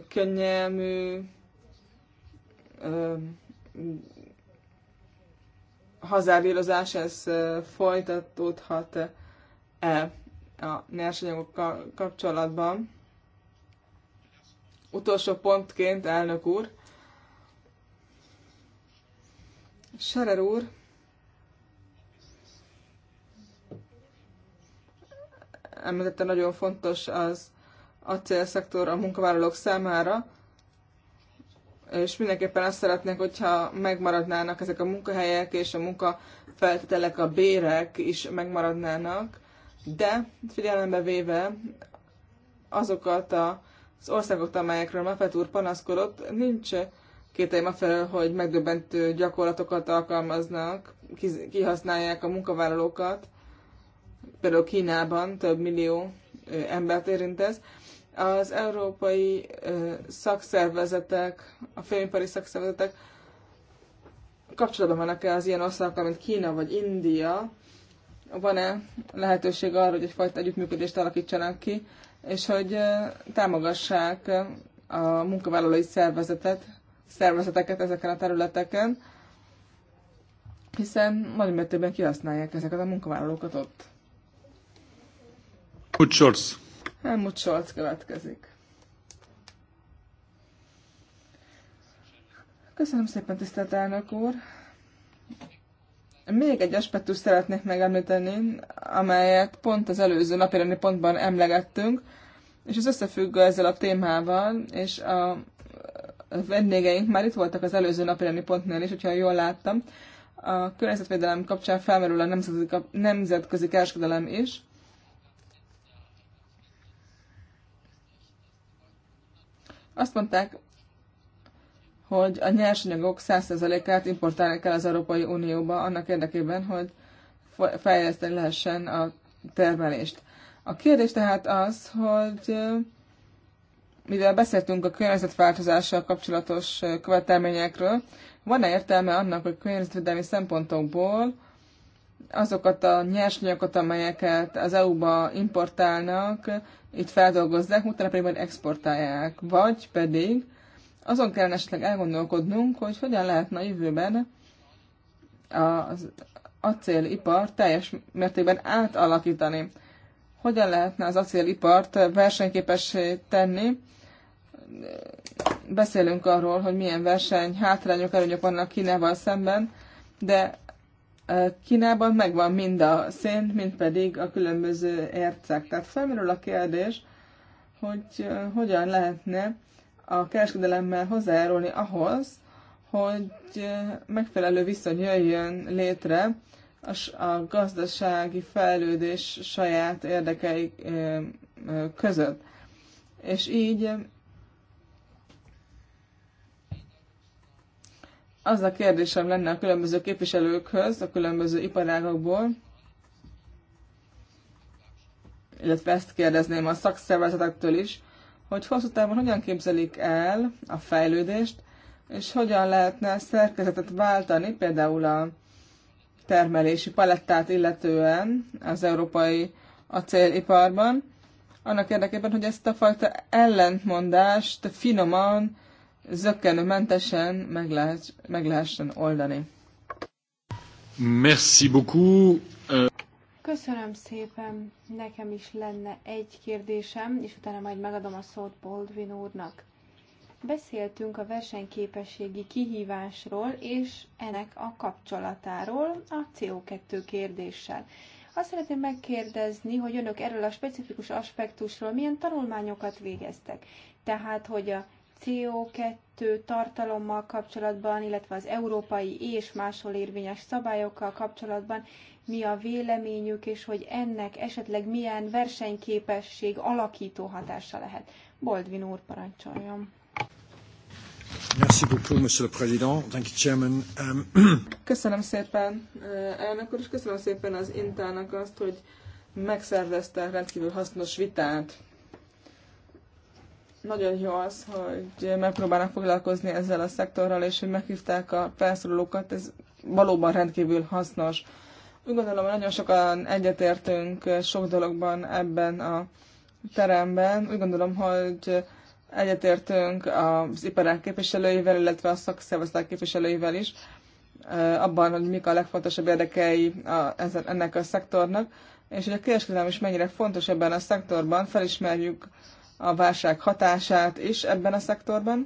S3: könnyelmű ö, hazárvírozás, ez folytatódhat-e a nyersanyagokkal kapcsolatban? Utolsó pontként, elnök úr, Sarar úr említette nagyon fontos az acélszektor a munkavállalók számára, és mindenképpen azt szeretnék, hogyha megmaradnának ezek a munkahelyek, és a munkafeltételek, a bérek is megmaradnának, de figyelembe véve azokat az országok, amelyekről Mafet úr panaszkodott, nincs kételjem a felől, hogy megdöbbentő gyakorlatokat alkalmaznak, kihasználják a munkavállalókat, például Kínában több millió embert érint ez. Az európai szakszervezetek, a fémipari szakszervezetek kapcsolatban vannak -e az ilyen országokkal, mint Kína vagy India? Van-e lehetőség arra, hogy egyfajta együttműködést alakítsanak ki, és hogy támogassák a munkavállalói szervezetet, szervezeteket ezeken a területeken, hiszen nagy mértékben kihasználják ezeket a munkavállalókat ott. Helmut Scholz. Helmut Scholz következik. Köszönöm szépen, tisztelt elnök úr! Még egy aspektust szeretnék megemlíteni, amelyet pont az előző napirendi pontban emlegettünk, és ez összefügg ezzel a témával, és a vendégeink már itt voltak az előző napirányi pontnál is, hogyha jól láttam. A környezetvédelem kapcsán felmerül a nemzetközi, nemzetközi kereskedelem is. Azt mondták, hogy a nyersanyagok 100%-át importálni kell az Európai Unióba annak érdekében, hogy fejleszteni lehessen a termelést. A kérdés tehát az, hogy mivel beszéltünk a környezetváltozással kapcsolatos követelményekről, van-e értelme annak, hogy környezetvédelmi szempontokból azokat a nyersanyagokat, amelyeket az EU-ba importálnak, itt feldolgozzák, utána pedig majd exportálják. Vagy pedig azon kellene esetleg elgondolkodnunk, hogy hogyan lehetne a jövőben az acélipar teljes mértékben átalakítani. Hogyan lehetne az acélipart versenyképessé tenni, beszélünk arról, hogy milyen verseny, hátrányok, előnyök vannak Kínával szemben, de Kínában megvan mind a szén, mind pedig a különböző ércek. Tehát felmerül a kérdés, hogy hogyan lehetne a kereskedelemmel hozzájárulni ahhoz, hogy megfelelő viszony jöjjön létre a gazdasági fejlődés saját érdekei között. És így Az a kérdésem lenne a különböző képviselőkhöz, a különböző iparágokból, illetve ezt kérdezném a szakszervezetektől is, hogy hosszú távon hogyan képzelik el a fejlődést, és hogyan lehetne szerkezetet váltani, például a termelési palettát illetően az európai acéliparban, annak érdekében, hogy ezt a fajta ellentmondást finoman, zökkenőmentesen meg, lehet, meg lehessen oldani.
S2: Merci beaucoup.
S1: Köszönöm szépen. Nekem is lenne egy kérdésem, és utána majd megadom a szót Baldwin úrnak. Beszéltünk a versenyképességi kihívásról és ennek a kapcsolatáról a CO2 kérdéssel. Azt szeretném megkérdezni, hogy önök erről a specifikus aspektusról milyen tanulmányokat végeztek. Tehát, hogy a CO2 tartalommal kapcsolatban, illetve az európai és máshol érvényes szabályokkal kapcsolatban mi a véleményük, és hogy ennek esetleg milyen versenyképesség alakító hatása lehet. Boldvin úr, parancsoljon! Köszönöm
S3: szépen, elnök úr, és köszönöm szépen az Intának azt, hogy megszervezte rendkívül hasznos vitát. Nagyon jó az, hogy megpróbálnak foglalkozni ezzel a szektorral, és hogy meghívták a felszólókat, ez valóban rendkívül hasznos. Úgy gondolom, hogy nagyon sokan egyetértünk sok dologban ebben a teremben. Úgy gondolom, hogy egyetértünk az iparák képviselőivel, illetve a szakszervezetek képviselőivel is abban, hogy mik a legfontosabb érdekei a, ennek a szektornak, és hogy a kereskedelem is mennyire fontos ebben a szektorban, felismerjük a válság hatását is ebben a szektorban,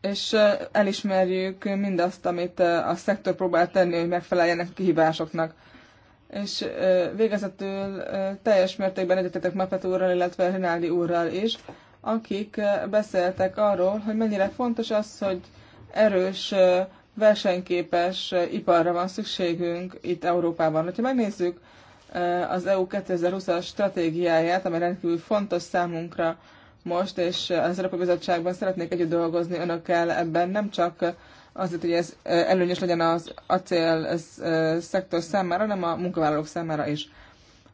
S3: és elismerjük mindazt, amit a szektor próbál tenni, hogy megfeleljenek a kihívásoknak. És végezetül teljes mértékben egyetetek Mepet úrral, illetve Rinaldi úrral is, akik beszéltek arról, hogy mennyire fontos az, hogy erős, versenyképes iparra van szükségünk itt Európában. Ha megnézzük az EU 2020-as stratégiáját, amely rendkívül fontos számunkra most, és az Európai Bizottságban szeretnék együtt dolgozni önökkel ebben, nem csak azért, hogy ez előnyös legyen az acél szektor számára, hanem a munkavállalók számára is.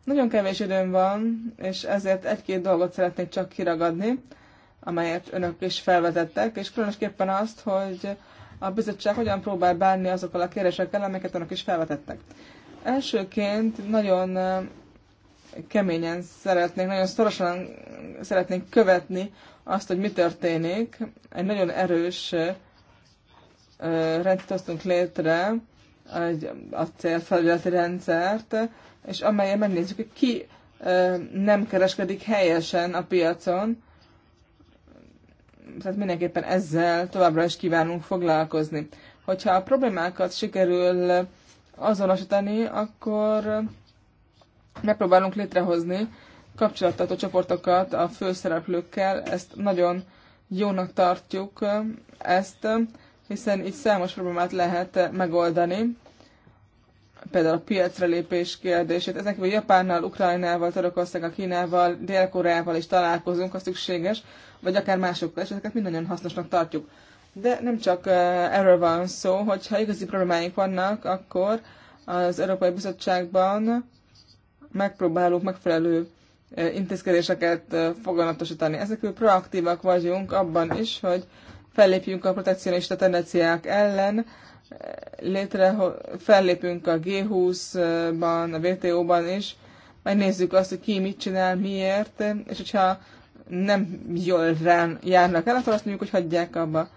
S3: Nagyon kevés időm van, és ezért egy-két dolgot szeretnék csak kiragadni, amelyet önök is felvetettek, és különösképpen azt, hogy a bizottság hogyan próbál bánni azokkal a kérésekkel, amelyeket önök is felvetettek. Elsőként nagyon keményen szeretnék, nagyon szorosan szeretnék követni azt, hogy mi történik. Egy nagyon erős rendszert hoztunk létre, egy acélfelületi rendszert, és amelyen megnézzük, hogy ki nem kereskedik helyesen a piacon, tehát mindenképpen ezzel továbbra is kívánunk foglalkozni. Hogyha a problémákat sikerül azonosítani, akkor megpróbálunk létrehozni a csoportokat a főszereplőkkel, ezt nagyon jónak tartjuk ezt, hiszen így számos problémát lehet megoldani, például a piacra lépés kérdését. Ezek a Japánnal, Ukrajnával, Törökországgal, Kínával, Dél-Koreával is találkozunk, ha szükséges, vagy akár másokkal, és ezeket mind nagyon hasznosnak tartjuk. De nem csak erről van szó, hogyha igazi problémáink vannak, akkor az Európai Bizottságban megpróbálunk megfelelő intézkedéseket foganatosítani. Ezekül proaktívak vagyunk abban is, hogy fellépjünk a protekcionista tendenciák ellen, létre, fellépünk a G20-ban, a WTO-ban is, megnézzük azt, hogy ki mit csinál, miért, és hogyha nem jól rán járnak el, akkor azt mondjuk, hogy hagyják abba.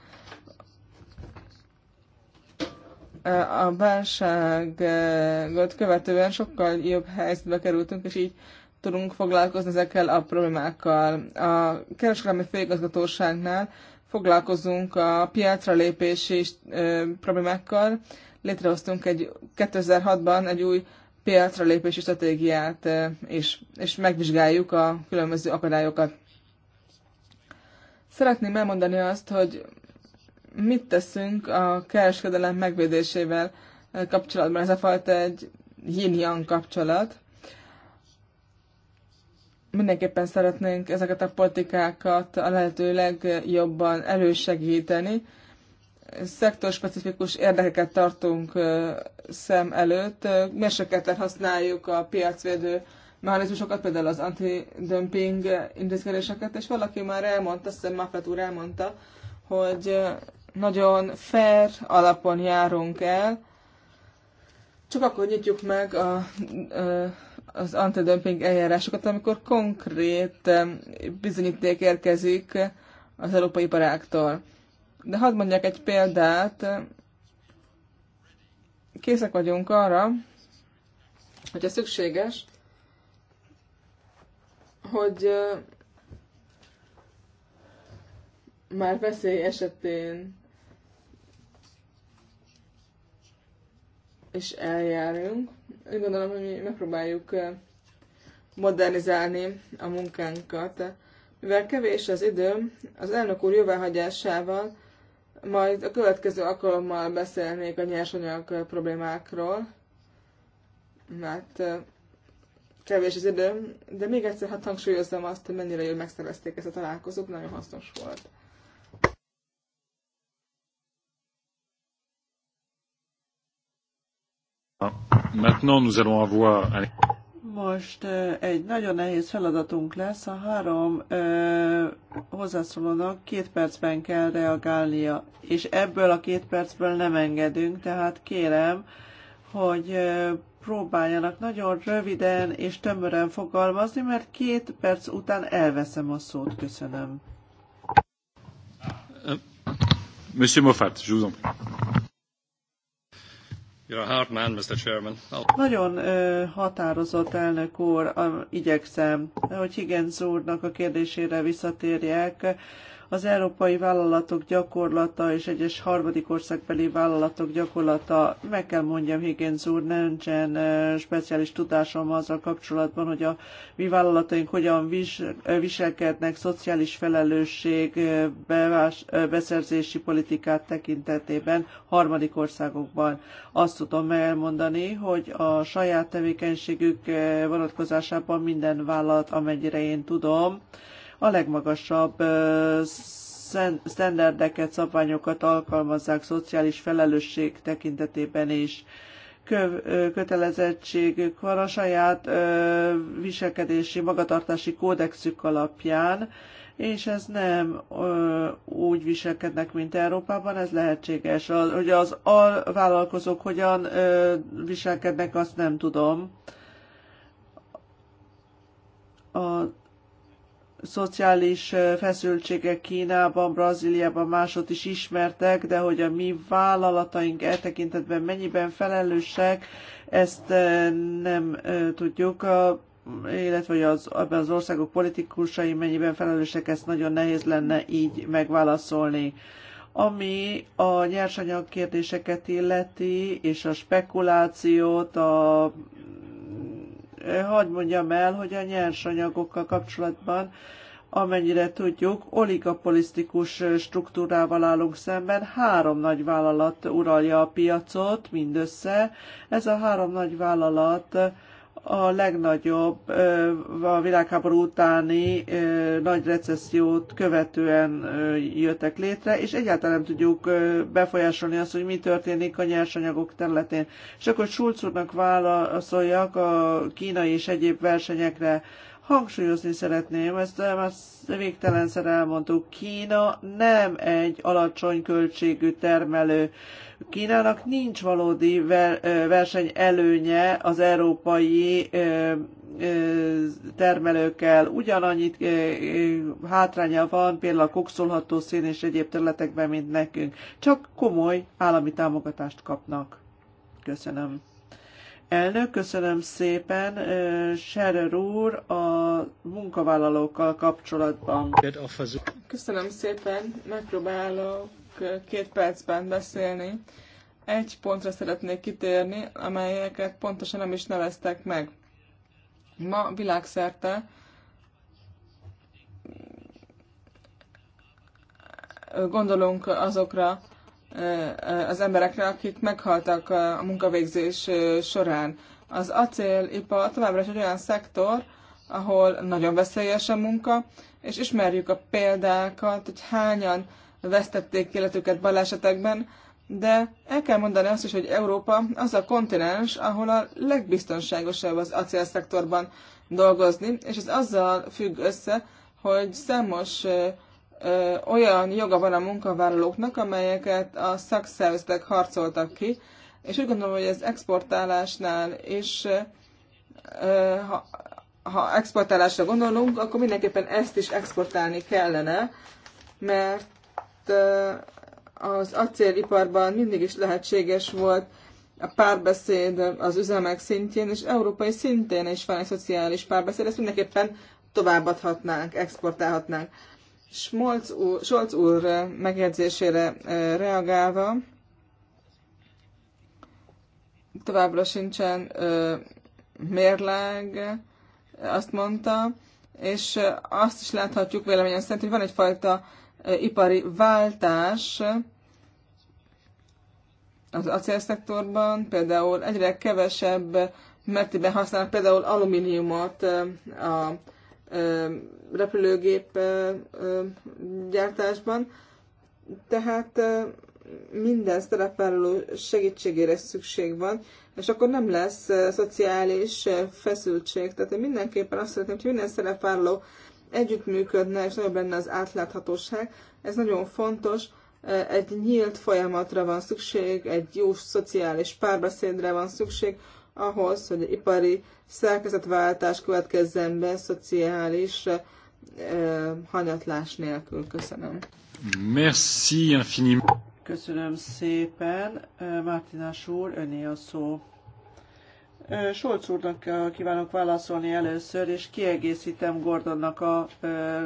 S3: a válságot követően sokkal jobb helyzetbe kerültünk, és így tudunk foglalkozni ezekkel a problémákkal. A kereskedelmi főigazgatóságnál foglalkozunk a piacra lépési problémákkal. Létrehoztunk egy 2006-ban egy új piacra lépési stratégiát, és, és megvizsgáljuk a különböző akadályokat. Szeretném elmondani azt, hogy mit teszünk a kereskedelem megvédésével kapcsolatban. Ez a fajta egy yin kapcsolat. Mindenképpen szeretnénk ezeket a politikákat a lehető legjobban elősegíteni. Szektorspecifikus érdekeket tartunk szem előtt. Mérsékelten használjuk a piacvédő mechanizmusokat, például az antidömping intézkedéseket, és valaki már elmondta, azt hiszem Mafet úr elmondta, hogy nagyon fair alapon járunk el, csak akkor nyitjuk meg a, az antidömping eljárásokat, amikor konkrét bizonyíték érkezik az európai iparáktól. De hadd mondjak egy példát. Készek vagyunk arra, hogyha szükséges, hogy már veszély esetén és eljárunk. Úgy gondolom, hogy mi megpróbáljuk modernizálni a munkánkat. Mivel kevés az idő, az elnök úr jóváhagyásával majd a következő alkalommal beszélnék a nyersanyag problémákról, mert kevés az idő, de még egyszer hadd hangsúlyozzam azt, hogy mennyire jól megszervezték ezt a találkozót, nagyon hasznos volt.
S2: Most egy nagyon nehéz feladatunk lesz. A három ö, hozzászólónak két percben kell reagálnia, és ebből a két percből nem engedünk, tehát kérem, hogy próbáljanak nagyon röviden és tömören fogalmazni, mert két perc után elveszem a szót. Köszönöm.
S3: Monsieur Moffat, je vous en prie.
S2: Mr. Chairman. Nagyon határozott elnök úr, igyekszem, hogy igen úrnak a kérdésére visszatérjek. Az európai vállalatok gyakorlata és egyes harmadik országbeli vállalatok gyakorlata, meg kell mondjam, Higgins úr, nincsen speciális tudásom azzal kapcsolatban, hogy a mi vállalataink hogyan viselkednek szociális felelősség beszerzési politikát tekintetében harmadik országokban. Azt tudom elmondani, hogy a saját tevékenységük vonatkozásában minden vállalat, amennyire én tudom, a legmagasabb sztenderdeket, szabványokat alkalmazzák szociális felelősség tekintetében is. Köv, kötelezettségük van a saját ö, viselkedési, magatartási kódexük alapján, és ez nem ö, úgy viselkednek, mint Európában, ez lehetséges. A, hogy az vállalkozók hogyan ö, viselkednek, azt nem tudom. A, szociális feszültségek Kínában, Brazíliában másot is ismertek, de hogy a mi vállalataink eltekintetben mennyiben felelősek, ezt nem tudjuk, illetve az, ebben az országok politikusai mennyiben felelősek, ezt nagyon nehéz lenne így megválaszolni ami a nyersanyag kérdéseket illeti, és a spekulációt, a hagyd mondjam el, hogy a nyersanyagokkal kapcsolatban amennyire tudjuk, oligopolisztikus struktúrával állunk szemben. Három nagy vállalat uralja a piacot mindössze. Ez a három nagy vállalat a legnagyobb a világháború utáni nagy recessziót követően jöttek létre, és egyáltalán nem tudjuk befolyásolni azt, hogy mi történik a nyersanyagok területén. És akkor Schulz úrnak válaszoljak a kínai és egyéb versenyekre. Hangsúlyozni szeretném, ezt már végtelenszer elmondtuk, Kína nem egy alacsony költségű termelő Kínának nincs valódi verseny előnye az európai termelőkkel. Ugyanannyit hátránya van például a kokszolható szín és egyéb területekben, mint nekünk. Csak komoly állami támogatást kapnak. Köszönöm. Elnök, köszönöm szépen. Scherer úr a munkavállalókkal kapcsolatban.
S3: Köszönöm szépen. Megpróbálok két percben beszélni. Egy pontra szeretnék kitérni, amelyeket pontosan nem is neveztek meg. Ma világszerte gondolunk azokra az emberekre, akik meghaltak a munkavégzés során. Az acélipar továbbra is egy olyan szektor, ahol nagyon veszélyes a munka, és ismerjük a példákat, hogy hányan vesztették életüket balesetekben, de el kell mondani azt is, hogy Európa az a kontinens, ahol a legbiztonságosabb az acélszektorban dolgozni, és ez azzal függ össze, hogy számos olyan joga van a munkavállalóknak, amelyeket a szakszervezetek harcoltak ki, és úgy gondolom, hogy az exportálásnál is, ha, ha exportálásra gondolunk, akkor mindenképpen ezt is exportálni kellene, mert az acéliparban mindig is lehetséges volt a párbeszéd az üzemek szintjén, és európai szintén is van egy szociális párbeszéd, ezt mindenképpen továbbadhatnánk, exportálhatnánk. Smolc úr, úr megjegyzésére reagálva, továbbra sincsen mérleg, azt mondta, és azt is láthatjuk véleményem szerint, hogy van egyfajta ipari váltás az acélszektorban, például egyre kevesebb mértékben használnak például alumíniumot a repülőgép gyártásban, tehát minden szerepvállaló segítségére szükség van, és akkor nem lesz szociális feszültség. Tehát én mindenképpen azt szeretném, hogy minden szerepvállaló együttműködne, és nagyobb benne az átláthatóság. Ez nagyon fontos. Egy nyílt folyamatra van szükség, egy jó szociális párbeszédre van szükség, ahhoz, hogy ipari szerkezetváltás következzen be szociális hanyatlás nélkül.
S2: Köszönöm. Merci infiniment. Köszönöm szépen. Mártinás úr, öné a szó. Solc úrnak kívánok válaszolni először, és kiegészítem Gordonnak a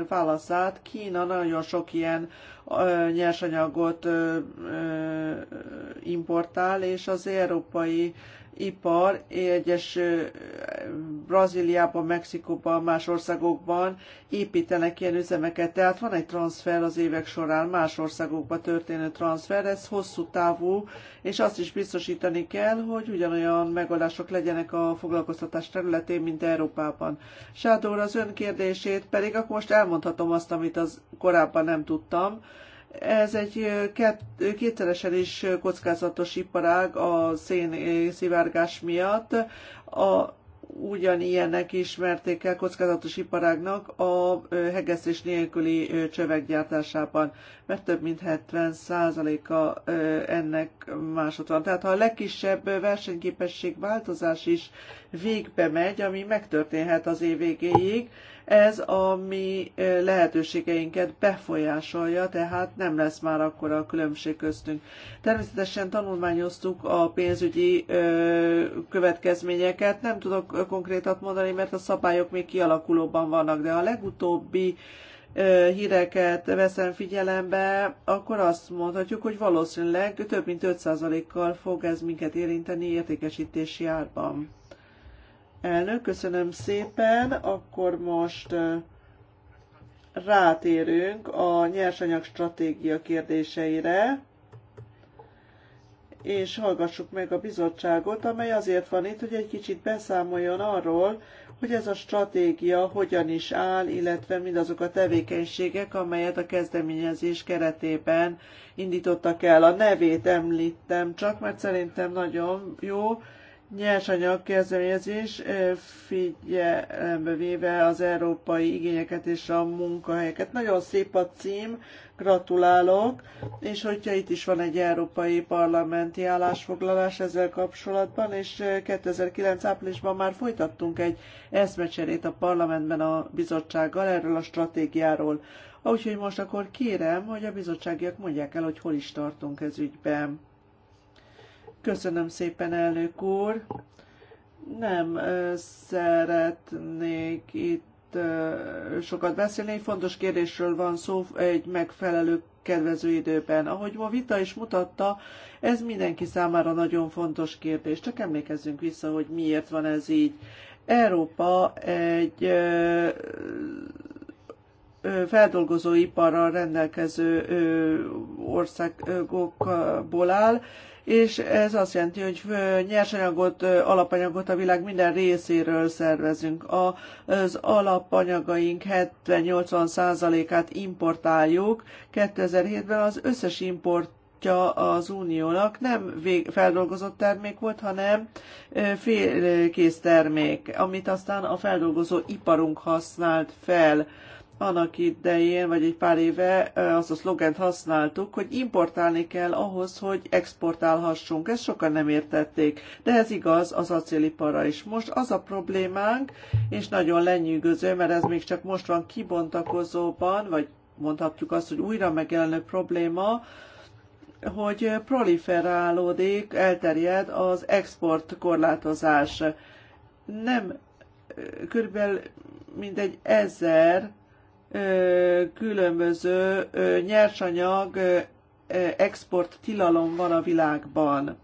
S2: válaszát. Kína nagyon sok ilyen nyersanyagot importál, és az európai ipar egyes Brazíliában, Mexikóban, más országokban építenek ilyen üzemeket. Tehát van egy transfer az évek során, más országokban történő transfer, ez hosszú távú, és azt is biztosítani kell, hogy ugyanolyan megoldások legyenek a foglalkoztatás területén, mint Európában. Sádor, az ön kérdését pedig akkor most elmondhatom azt, amit az korábban nem tudtam, Ez egy kétszeresen is kockázatos iparág a szén szivárgás miatt. A ugyanilyennek ismerték el kockázatos iparágnak a hegesztés nélküli csövek gyártásában, mert több mint 70%-a ennek másod Tehát ha a legkisebb versenyképesség változás is végbe megy, ami megtörténhet az év végéig, Ez a mi lehetőségeinket befolyásolja, tehát nem lesz már akkor a különbség köztünk. Természetesen tanulmányoztuk a pénzügyi következményeket, nem tudok konkrétat mondani, mert a szabályok még kialakulóban vannak, de a legutóbbi híreket veszem figyelembe, akkor azt mondhatjuk, hogy valószínűleg több mint 5%-kal fog ez minket érinteni értékesítési árban. Elnök, köszönöm szépen. Akkor most rátérünk a nyersanyag stratégia kérdéseire, és hallgassuk meg a bizottságot, amely azért van itt, hogy egy kicsit beszámoljon arról, hogy ez a stratégia hogyan is áll, illetve mindazok a tevékenységek, amelyet a kezdeményezés keretében indítottak el. A nevét említem csak, mert szerintem nagyon jó, nyersanyag kezdeményezés figyelembe véve az európai igényeket és a munkahelyeket. Nagyon szép a cím, gratulálok, és hogyha itt is van egy európai parlamenti állásfoglalás ezzel kapcsolatban, és 2009 áprilisban már folytattunk egy eszmecserét a parlamentben a bizottsággal erről a stratégiáról. Úgyhogy most akkor kérem, hogy a bizottságiak mondják el, hogy hol is tartunk ez ügyben. Köszönöm szépen, elnök úr. Nem szeretnék itt sokat beszélni. Fontos kérdésről van szó egy megfelelő kedvező időben. Ahogy ma vita is mutatta, ez mindenki számára nagyon fontos kérdés. Csak emlékezzünk vissza, hogy miért van ez így. Európa egy feldolgozóiparral rendelkező országokból áll, és ez azt jelenti, hogy nyersanyagot, alapanyagot a világ minden részéről szervezünk. Az alapanyagaink 70-80%-át importáljuk. 2007-ben az összes import az uniónak nem vég, feldolgozott termék volt, hanem félkész termék, amit aztán a feldolgozó iparunk használt fel Annak idején, vagy egy pár éve azt a szlogent használtuk, hogy importálni kell ahhoz, hogy exportálhassunk. Ezt sokan nem értették, de ez igaz az acéliparra is. Most az a problémánk, és nagyon lenyűgöző, mert ez még csak most van kibontakozóban, vagy mondhatjuk azt, hogy újra megjelenő probléma, hogy proliferálódik, elterjed az export korlátozás. Nem, körülbelül mindegy ezer különböző nyersanyag export tilalom van a világban.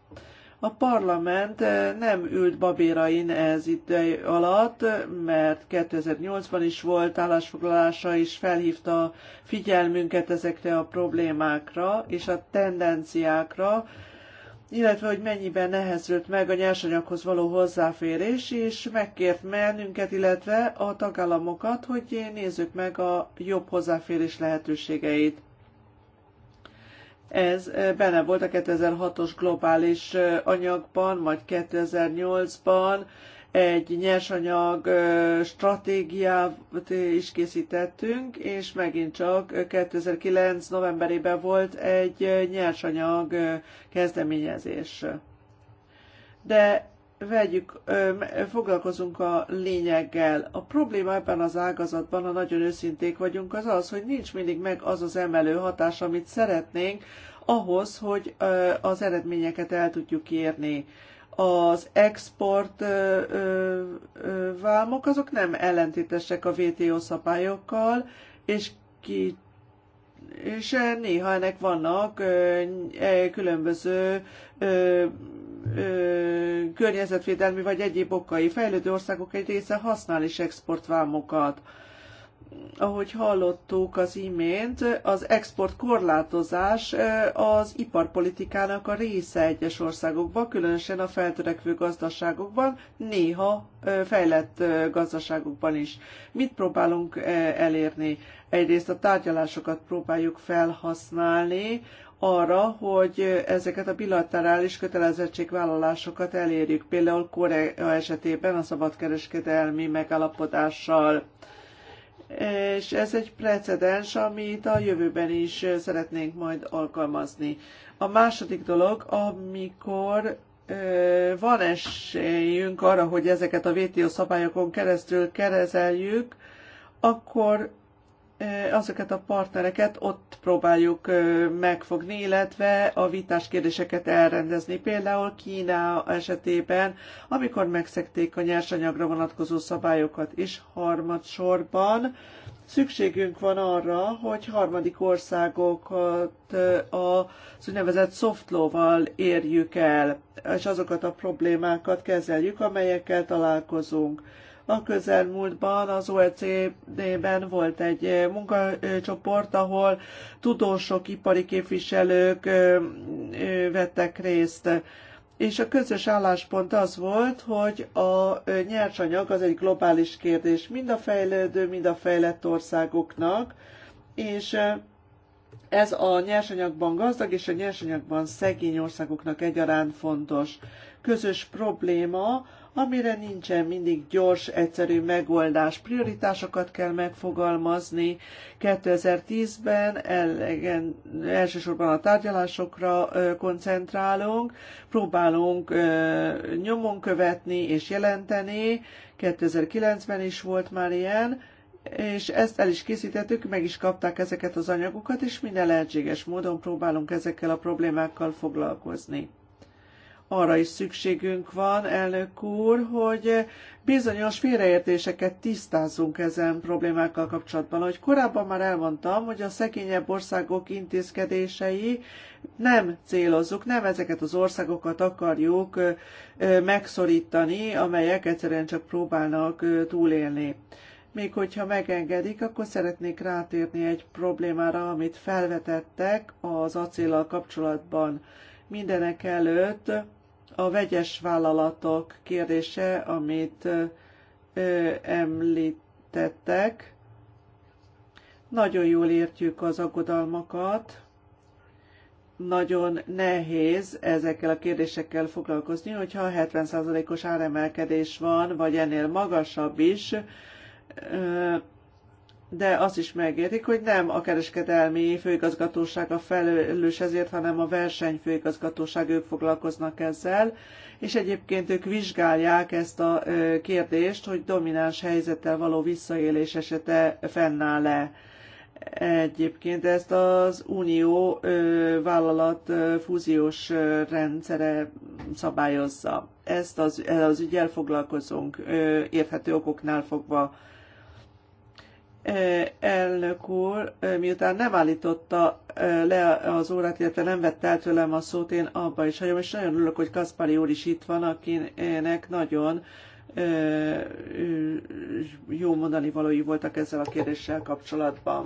S2: A parlament nem ült babérain ez idő alatt, mert 2008-ban is volt állásfoglalása, és felhívta figyelmünket ezekre a problémákra és a tendenciákra, illetve hogy mennyiben nehezült meg a nyersanyaghoz való hozzáférés, és megkért mennünket, illetve a tagállamokat, hogy nézzük meg a jobb hozzáférés lehetőségeit. Ez benne volt a 2006-os globális anyagban, majd 2008-ban, egy nyersanyag stratégiát is készítettünk, és megint csak 2009. novemberében volt egy nyersanyag kezdeményezés. De vegyük, foglalkozunk a lényeggel. A probléma ebben az ágazatban, ha nagyon őszinték vagyunk, az az, hogy nincs mindig meg az az emelő hatás, amit szeretnénk, ahhoz, hogy az eredményeket el tudjuk érni az export vámok azok nem ellentétesek a WTO szabályokkal, és ki és néha ennek vannak különböző környezetvédelmi vagy egyéb okai. Fejlődő országok egy része használ is exportvámokat ahogy hallottuk az imént, az export korlátozás az iparpolitikának a része egyes országokban, különösen a feltörekvő gazdaságokban, néha fejlett gazdaságokban is. Mit próbálunk elérni? Egyrészt a tárgyalásokat próbáljuk felhasználni arra, hogy ezeket a bilaterális kötelezettségvállalásokat elérjük, például Korea esetében a szabadkereskedelmi megállapodással és ez egy precedens, amit a jövőben is szeretnénk majd alkalmazni. A második dolog, amikor van esélyünk arra, hogy ezeket a VTO szabályokon keresztül kerezeljük, akkor azokat a partnereket ott próbáljuk megfogni, illetve a vitás kérdéseket elrendezni. Például Kína esetében, amikor megszekték a nyersanyagra vonatkozó szabályokat is harmadsorban, szükségünk van arra, hogy harmadik országokat az úgynevezett soft law-val érjük el, és azokat a problémákat kezeljük, amelyekkel találkozunk A közelmúltban az OECD-ben volt egy munkacsoport, ahol tudósok, ipari képviselők vettek részt és a közös álláspont az volt, hogy a nyersanyag az egy globális kérdés mind a fejlődő, mind a fejlett országoknak, és ez a nyersanyagban gazdag és a nyersanyagban szegény országoknak egyaránt fontos közös probléma, amire nincsen mindig gyors, egyszerű megoldás. Prioritásokat kell megfogalmazni. 2010-ben elegen, elsősorban a tárgyalásokra ö, koncentrálunk, próbálunk ö, nyomon követni és jelenteni. 2009-ben is volt már ilyen, és ezt el is készítettük, meg is kapták ezeket az anyagokat, és minden lehetséges módon próbálunk ezekkel a problémákkal foglalkozni arra is szükségünk van, elnök úr, hogy bizonyos félreértéseket tisztázunk ezen problémákkal kapcsolatban. Hogy korábban már elmondtam, hogy a szegényebb országok intézkedései nem célozzuk, nem ezeket az országokat akarjuk megszorítani, amelyek egyszerűen csak próbálnak túlélni. Még hogyha megengedik, akkor szeretnék rátérni egy problémára, amit felvetettek az acéllal kapcsolatban. Mindenek előtt a vegyes vállalatok kérdése, amit ö, említettek. Nagyon jól értjük az aggodalmakat. Nagyon nehéz ezekkel a kérdésekkel foglalkozni, hogyha 70%-os áremelkedés van, vagy ennél magasabb is de azt is megértik, hogy nem a kereskedelmi főigazgatóság a felelős ezért, hanem a versenyfőigazgatóság, ők foglalkoznak ezzel, és egyébként ők vizsgálják ezt a kérdést, hogy domináns helyzettel való visszaélés esete fennall le. Egyébként ezt az unió vállalat fúziós rendszere szabályozza. Ezt az, az ügyel foglalkozunk érthető okoknál fogva elnök úr, miután nem állította le az órát, illetve nem vett el tőlem a szót, én abba is hagyom, és nagyon örülök, hogy Kaspari úr is itt van, akinek nagyon jó mondani valói voltak ezzel a kérdéssel kapcsolatban.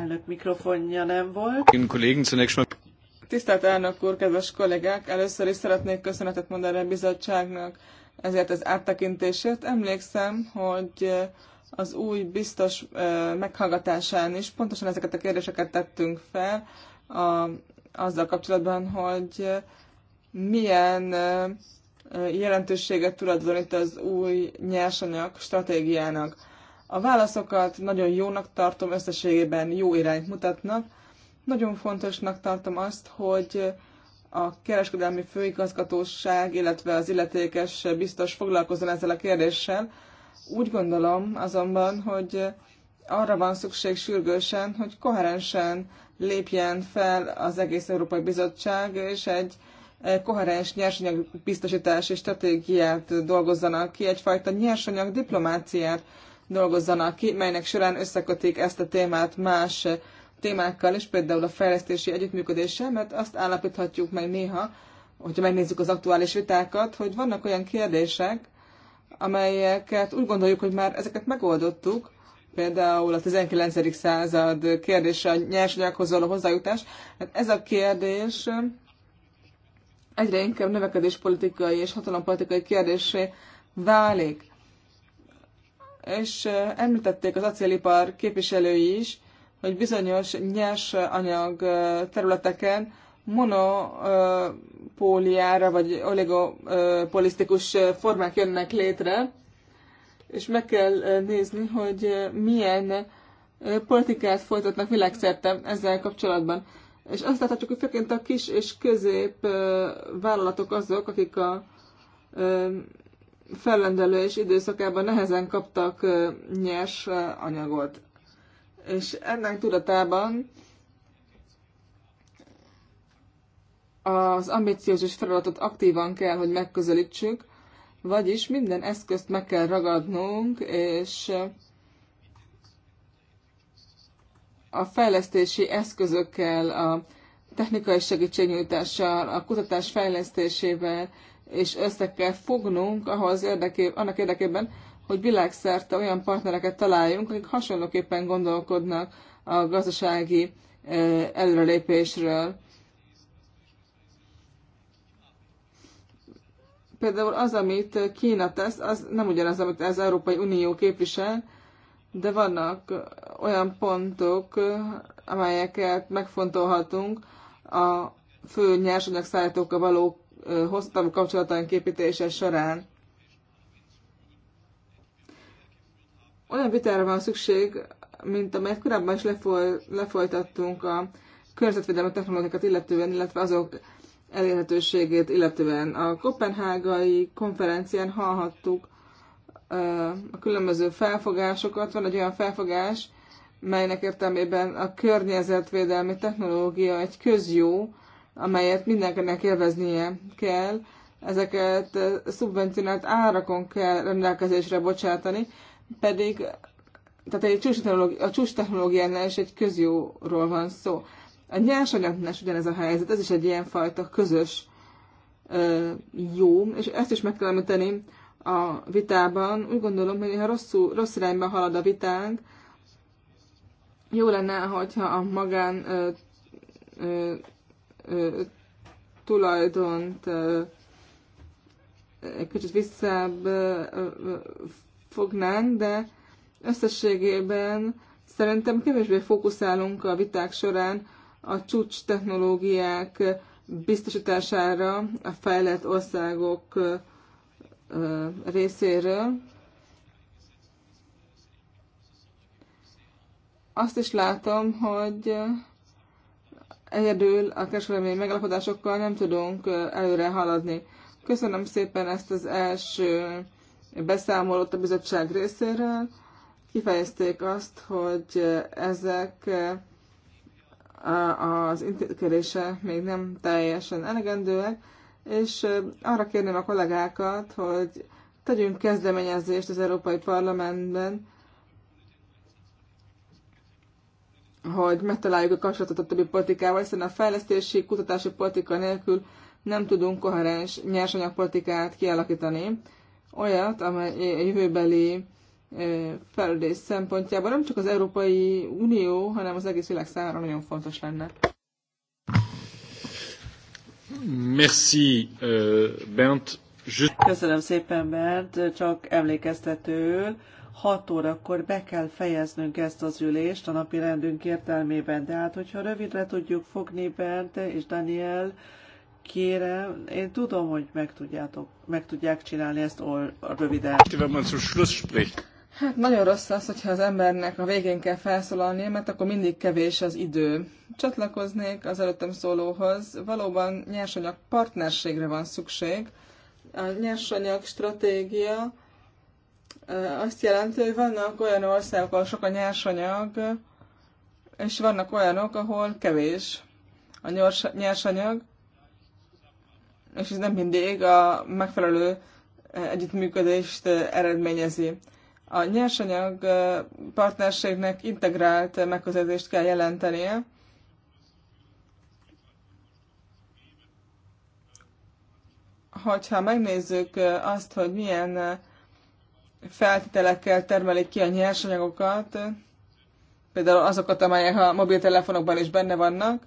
S3: elnök mikrofonja nem volt. Tisztelt elnök úr, kedves kollégák! Először is szeretnék köszönetet mondani a bizottságnak ezért az áttekintésért. Emlékszem, hogy az új biztos meghallgatásán is pontosan ezeket a kérdéseket tettünk fel a, azzal kapcsolatban, hogy milyen jelentőséget tulajdonít az új nyersanyag stratégiának. A válaszokat nagyon jónak tartom, összességében jó irányt mutatnak. Nagyon fontosnak tartom azt, hogy a kereskedelmi főigazgatóság, illetve az illetékes biztos foglalkozzon ezzel a kérdéssel. Úgy gondolom azonban, hogy arra van szükség sürgősen, hogy koherensen lépjen fel az egész Európai Bizottság, és egy koherens nyersanyag biztosítási stratégiát dolgozzanak ki, egyfajta nyersanyag diplomáciát dolgozzanak ki, melynek során összekötik ezt a témát más témákkal is, például a fejlesztési együttműködéssel, mert azt állapíthatjuk meg néha, hogyha megnézzük az aktuális vitákat, hogy vannak olyan kérdések, amelyeket úgy gondoljuk, hogy már ezeket megoldottuk, például a 19. század kérdése a nyersanyaghoz való hozzájutás. Hát ez a kérdés egyre inkább növekedéspolitikai és hatalompolitikai kérdésé válik és említették az acélipar képviselői is, hogy bizonyos nyers anyag területeken monopóliára vagy oligopolisztikus formák jönnek létre, és meg kell nézni, hogy milyen politikát folytatnak világszerte ezzel kapcsolatban. És azt láthatjuk, hogy főként a kis és közép vállalatok azok, akik a fellendelés időszakában nehezen kaptak nyers anyagot. És ennek tudatában az ambiciózus feladatot aktívan kell, hogy megközelítsük, vagyis minden eszközt meg kell ragadnunk, és a fejlesztési eszközökkel, a technikai segítségnyújtással, a kutatás fejlesztésével, és össze kell fognunk ahhoz érdeké, annak érdekében, hogy világszerte olyan partnereket találjunk, akik hasonlóképpen gondolkodnak a gazdasági előrelépésről. Például az, amit Kína tesz, az nem ugyanaz, amit az Európai Unió képvisel, de vannak olyan pontok, amelyeket megfontolhatunk a fő nyersanyagszállítókkal való hosszatávú kapcsolataink képítése során. Olyan vitára van szükség, mint amelyet korábban is lefoly, lefolytattunk a környezetvédelmi technológiákat illetően, illetve azok elérhetőségét illetően. A kopenhágai konferencián hallhattuk a különböző felfogásokat. Van egy olyan felfogás, melynek értelmében a környezetvédelmi technológia egy közjó, amelyet mindenkinek élveznie kell, ezeket szubvencionált árakon kell rendelkezésre bocsátani, pedig tehát egy csúcs a csúcs technológiánál is egy közjóról van szó. A nyersanyagnál is ugyanez a helyzet, ez is egy ilyen fajta közös ö, jó, és ezt is meg kell említeni a vitában. Úgy gondolom, hogy ha rosszul, rossz irányba halad a vitánk, jó lenne, hogyha a magán ö, ö, tulajdont egy kicsit visszább fognánk, de összességében szerintem kevésbé fókuszálunk a viták során a csúcs technológiák biztosítására a fejlett országok részéről. Azt is látom, hogy Egyedül a kereskedelmi megalapodásokkal nem tudunk előre haladni. Köszönöm szépen ezt az első beszámolót a bizottság részéről. Kifejezték azt, hogy ezek az intézkedések még nem teljesen elegendőek, és arra kérném a kollégákat, hogy tegyünk kezdeményezést az Európai Parlamentben hogy megtaláljuk a kapcsolatot a többi politikával, hiszen a fejlesztési, kutatási politika nélkül nem tudunk koherens nyersanyagpolitikát kialakítani, olyat, amely a jövőbeli felülés szempontjából nem csak az Európai Unió, hanem
S2: az egész világ számára nagyon fontos lenne.
S3: Merci, Bent.
S2: Köszönöm szépen, Bent. Csak emlékeztetőül, 6 órakor be kell fejeznünk ezt az ülést a napi rendünk értelmében. De hát, hogyha rövidre tudjuk fogni bent, és Daniel, kérem, én tudom, hogy meg, tudjátok, meg tudják csinálni ezt a röviden.
S3: Hát nagyon rossz az, hogyha az embernek a végén kell felszólalnia, mert akkor mindig kevés az idő. Csatlakoznék az előttem szólóhoz. Valóban nyersanyag partnerségre van szükség. A nyersanyag stratégia azt jelenti, hogy vannak olyan országok, ahol sok a nyersanyag, és vannak olyanok, ahol kevés a nyors, nyersanyag, és ez nem mindig a megfelelő együttműködést eredményezi. A nyersanyag partnerségnek integrált megközelítést kell jelentenie, hogyha megnézzük azt, hogy milyen feltételekkel termelik ki a nyersanyagokat, például azokat, amelyek a mobiltelefonokban is benne vannak,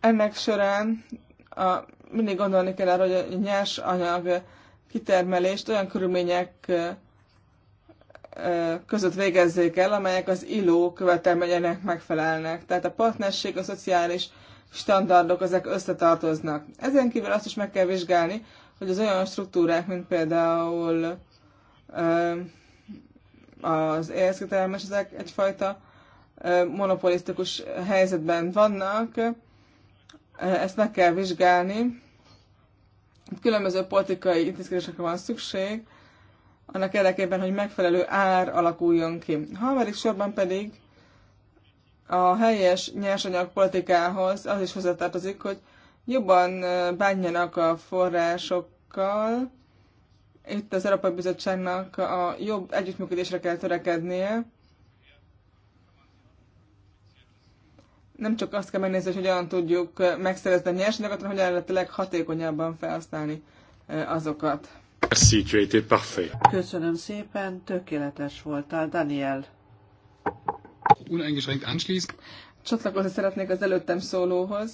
S3: ennek során a, mindig gondolni kell arra, hogy a nyers anyag kitermelést olyan körülmények között végezzék el, amelyek az illó követelményének megfelelnek. Tehát a partnerség, a szociális standardok, ezek összetartoznak. Ezen kívül azt is meg kell vizsgálni, hogy az olyan struktúrák, mint például az érzketelmes, ezek egyfajta monopolisztikus helyzetben vannak, ezt meg kell vizsgálni. Különböző politikai intézkedésekre van szükség, annak érdekében, hogy megfelelő ár alakuljon ki. Harmadik sorban pedig a helyes nyersanyag politikához az is hozzátartozik, hogy jobban bánjanak a forrásokkal. Itt az Európai Bizottságnak a jobb együttműködésre kell törekednie. Nem csak azt kell megnézni, hogy hogyan tudjuk megszerezni a nyersanyagot, hanem hogyan lehet a leghatékonyabban
S2: felhasználni azokat. Köszönöm szépen, tökéletes voltál, Daniel.
S3: Csatlakozni szeretnék az előttem szólóhoz.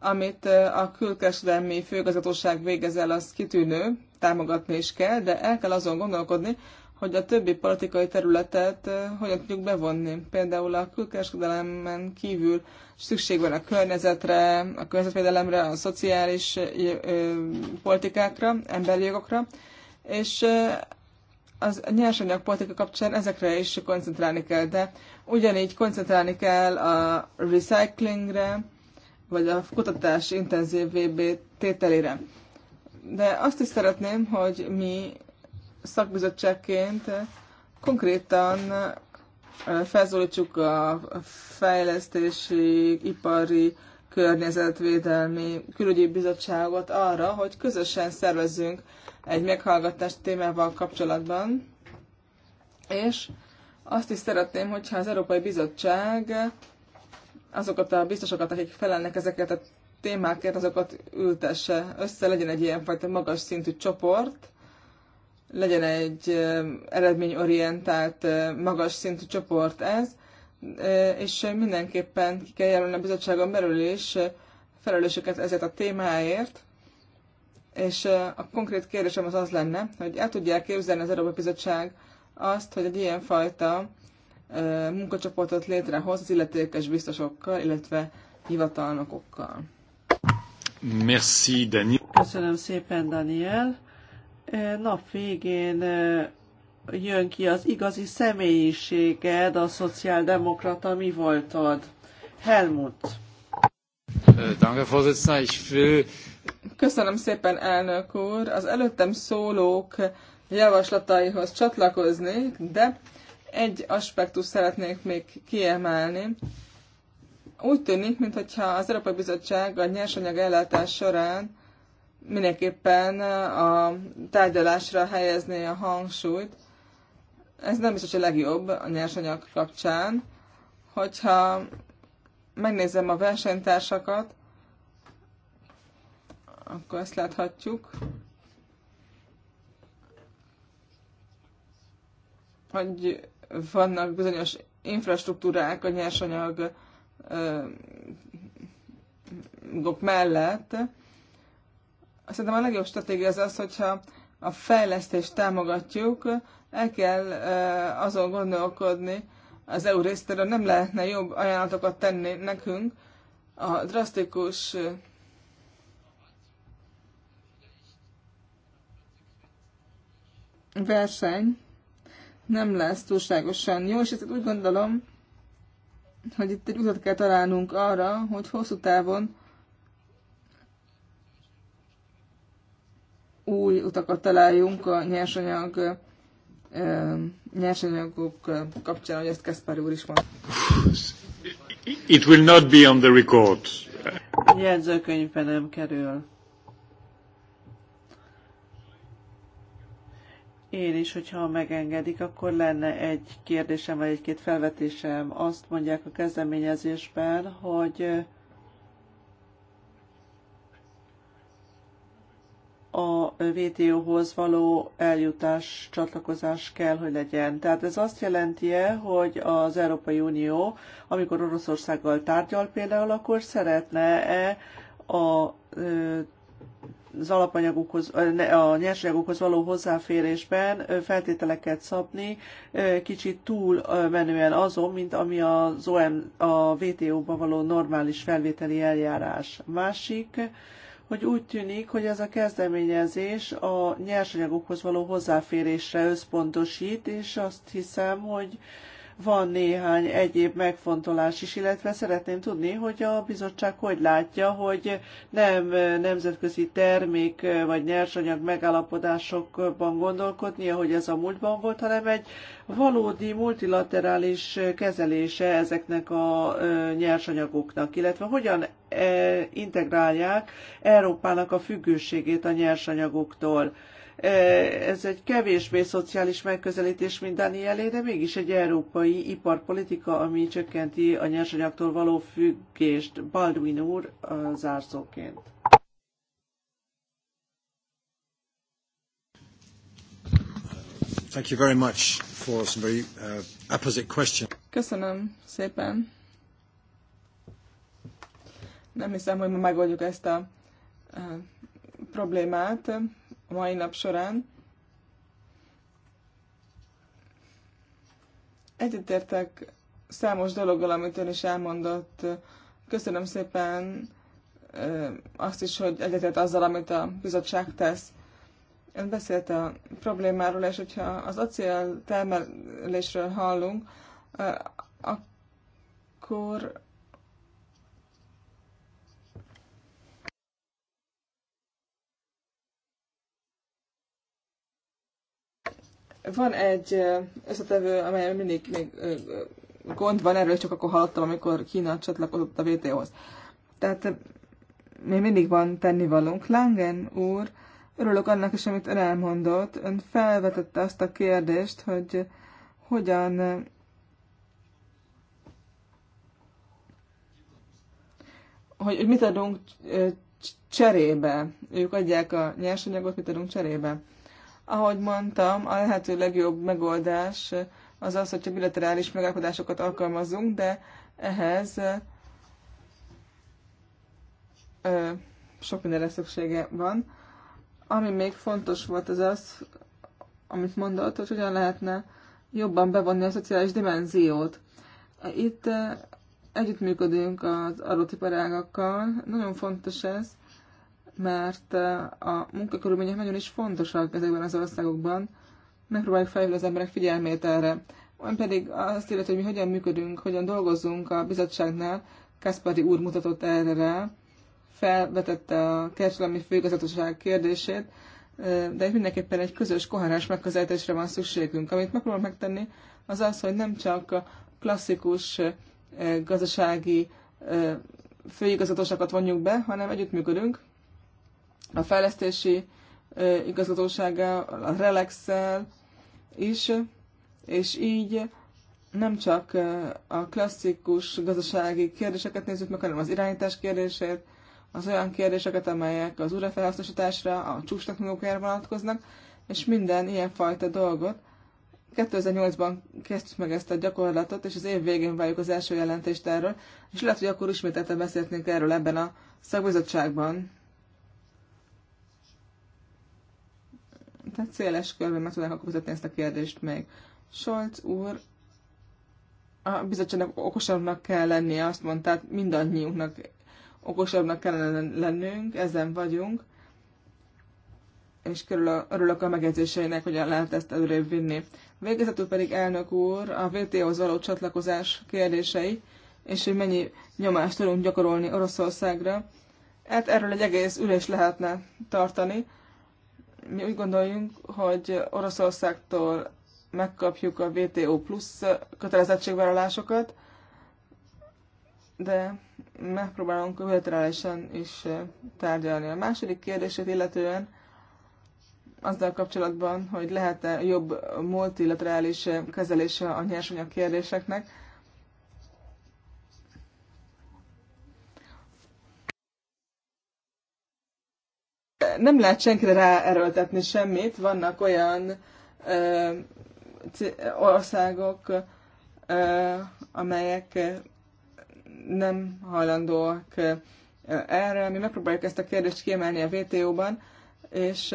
S3: Amit a külkereskedelmi főigazgatóság végez el, az kitűnő, támogatni is kell, de el kell azon gondolkodni, hogy a többi politikai területet hogyan tudjuk bevonni. Például a külkereskedelemen kívül szükség van a környezetre, a környezetvédelemre, a szociális politikákra, emberi jogokra, és az nyersanyagpolitika kapcsán ezekre is koncentrálni kell, de ugyanígy koncentrálni kell a recyclingre, vagy a kutatás intenzív VB tételére. De azt is szeretném, hogy mi szakbizottságként konkrétan felszólítsuk a fejlesztési, ipari, környezetvédelmi, külügyi bizottságot arra, hogy közösen szervezzünk egy meghallgatás témával kapcsolatban, és azt is szeretném, hogyha az Európai Bizottság azokat a biztosokat, akik felelnek ezeket a témákért, azokat ültesse össze, legyen egy ilyenfajta magas szintű csoport, legyen egy eredményorientált, magas szintű csoport ez, és mindenképpen ki kell jelölni a bizottságon belül is felelősöket ezért a témáért, És a konkrét kérdésem az az lenne, hogy el tudják képzelni az Európai Bizottság azt, hogy egy ilyenfajta munkacsoportot létrehoz az illetékes
S2: biztosokkal, illetve hivatalnokokkal. Merci, Daniel. Köszönöm szépen, Daniel. Nap végén jön ki az igazi személyiséged, a szociáldemokrata mi voltad? Helmut. Danke, Vorsitzender. Ich will Köszönöm
S3: szépen, elnök úr. Az előttem szólók javaslataihoz csatlakozni, de egy aspektus szeretnék még kiemelni. Úgy tűnik, mintha az Európai Bizottság a nyersanyag ellátás során mindenképpen a tárgyalásra helyezné a hangsúlyt. Ez nem biztos a legjobb a nyersanyag kapcsán. Hogyha megnézem a versenytársakat, akkor ezt láthatjuk, hogy vannak bizonyos infrastruktúrák a nyersanyagok mellett. Szerintem a legjobb stratégia az az, hogyha a fejlesztést támogatjuk, el kell azon gondolkodni az EU részéről, nem lehetne jobb ajánlatokat tenni nekünk a drasztikus verseny nem lesz túlságosan jó, és ezt úgy gondolom, hogy itt egy utat kell találnunk arra, hogy hosszú távon új utakat találjunk a nyersanyag nyersanyagok kapcsán, hogy ezt Kaspar úr is mondta. It will not be on the record.
S2: Jegyzőkönyvbe nem kerül. Én is, hogyha megengedik, akkor lenne egy kérdésem, vagy egy-két felvetésem. Azt mondják a kezdeményezésben, hogy a VTO-hoz való eljutás, csatlakozás kell, hogy legyen. Tehát ez azt jelenti -e, hogy az Európai Unió, amikor Oroszországgal tárgyal például, akkor szeretne-e a az alapanyagokhoz, a nyersanyagokhoz való hozzáférésben feltételeket szabni kicsit túl menően azon, mint ami az OM, a WTO-ba való normális felvételi eljárás. Másik, hogy úgy tűnik, hogy ez a kezdeményezés a nyersanyagokhoz való hozzáférésre összpontosít, és azt hiszem, hogy Van néhány egyéb megfontolás is, illetve szeretném tudni, hogy a bizottság hogy látja, hogy nem nemzetközi termék vagy nyersanyag megállapodásokban gondolkodni, ahogy ez a múltban volt, hanem egy valódi multilaterális kezelése ezeknek a nyersanyagoknak, illetve hogyan integrálják Európának a függőségét a nyersanyagoktól Ez egy kevésbé szociális megközelítés, mint Danielé, de mégis egy európai iparpolitika, ami csökkenti a nyersanyagtól való függést. Baldwin úr zárszóként.
S1: Thank you very much for some very uh, opposite question.
S3: Köszönöm szépen. Nem hiszem, hogy ma megoldjuk ezt a uh, problémát mai nap során. Egyetértek számos dologgal, amit ön is elmondott. Köszönöm szépen azt is, hogy egyetért azzal, amit a bizottság tesz. Ön beszélt a problémáról, és hogyha az acél termelésről hallunk, akkor Van egy összetevő, amely mindig még gond van, erről csak akkor hallottam, amikor Kína csatlakozott a WTO-hoz. Tehát még mindig van tennivalónk. Langen úr, örülök annak is, amit ön elmondott. Ön felvetette azt a kérdést, hogy hogyan hogy mit adunk cserébe. Ők adják a nyersanyagot, mit adunk cserébe. Ahogy mondtam, a lehető legjobb megoldás az az, hogyha bilaterális megállapodásokat alkalmazunk, de ehhez ö, sok mindenre szüksége van. Ami még fontos volt az az, amit mondott, hogy hogyan lehetne jobban bevonni a szociális dimenziót. Itt együttműködünk az arotiparágakkal, nagyon fontos ez, mert a munkakörülmények nagyon is fontosak ezekben az országokban. Megpróbáljuk felhívni az emberek figyelmét erre. Olyan pedig azt illeti, hogy mi hogyan működünk, hogyan dolgozunk a bizottságnál, Kaspari úr mutatott erre rá, felvetette a kereskedelmi főigazgatóság kérdését, de mindenképpen egy közös, koherens megközelítésre van szükségünk. Amit megpróbálom megtenni, az az, hogy nem csak a klasszikus gazdasági főigazatósakat vonjuk be, hanem együttműködünk, a fejlesztési igazgatósággal, a relax is, és így nem csak a klasszikus gazdasági kérdéseket nézzük meg, hanem az irányítás kérdését, az olyan kérdéseket, amelyek az újrafelhasznosításra, a csúcs vonatkoznak, és minden ilyenfajta dolgot. 2008-ban kezdtük meg ezt a gyakorlatot, és az év végén várjuk az első jelentést erről, és lehet, hogy akkor ismételten beszélhetnénk erről ebben a szakbizottságban. tehát széles körben meg tudnák akkor ezt a kérdést meg. Scholz úr, a bizottságnak okosabbnak kell lennie, azt mondta, mindannyiunknak okosabbnak kellene lennünk, ezen vagyunk, és körül örülök a megjegyzéseinek, hogyan lehet ezt előrébb vinni. Végezetül pedig elnök úr, a WTO-hoz való csatlakozás kérdései, és hogy mennyi nyomást tudunk gyakorolni Oroszországra. Hát erről egy egész ülés lehetne tartani, mi úgy gondoljunk, hogy Oroszországtól megkapjuk a WTO plusz kötelezettségvállalásokat, de megpróbálunk bilaterálisan is tárgyalni. A második kérdését illetően azzal kapcsolatban, hogy lehet-e jobb multilaterális kezelése a nyersanyag kérdéseknek, nem lehet senkire ráerőltetni semmit, vannak olyan ö, országok, ö, amelyek nem hajlandóak erre. Mi megpróbáljuk ezt a kérdést kiemelni a vto ban és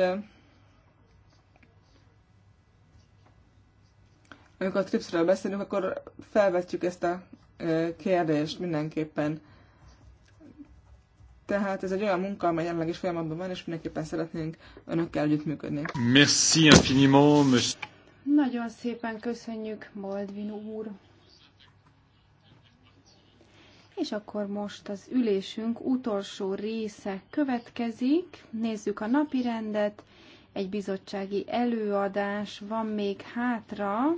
S3: amikor a TRIPS-ről beszélünk, akkor felvetjük ezt a kérdést mindenképpen. Tehát ez egy olyan munka, amely jelenleg is folyamatban van, és mindenképpen szeretnénk önökkel együttműködni.
S2: Merci infiniment, monsieur.
S1: Nagyon szépen köszönjük, Moldvin úr. És akkor most az ülésünk utolsó része következik. Nézzük a napi rendet. Egy bizottsági előadás van még hátra.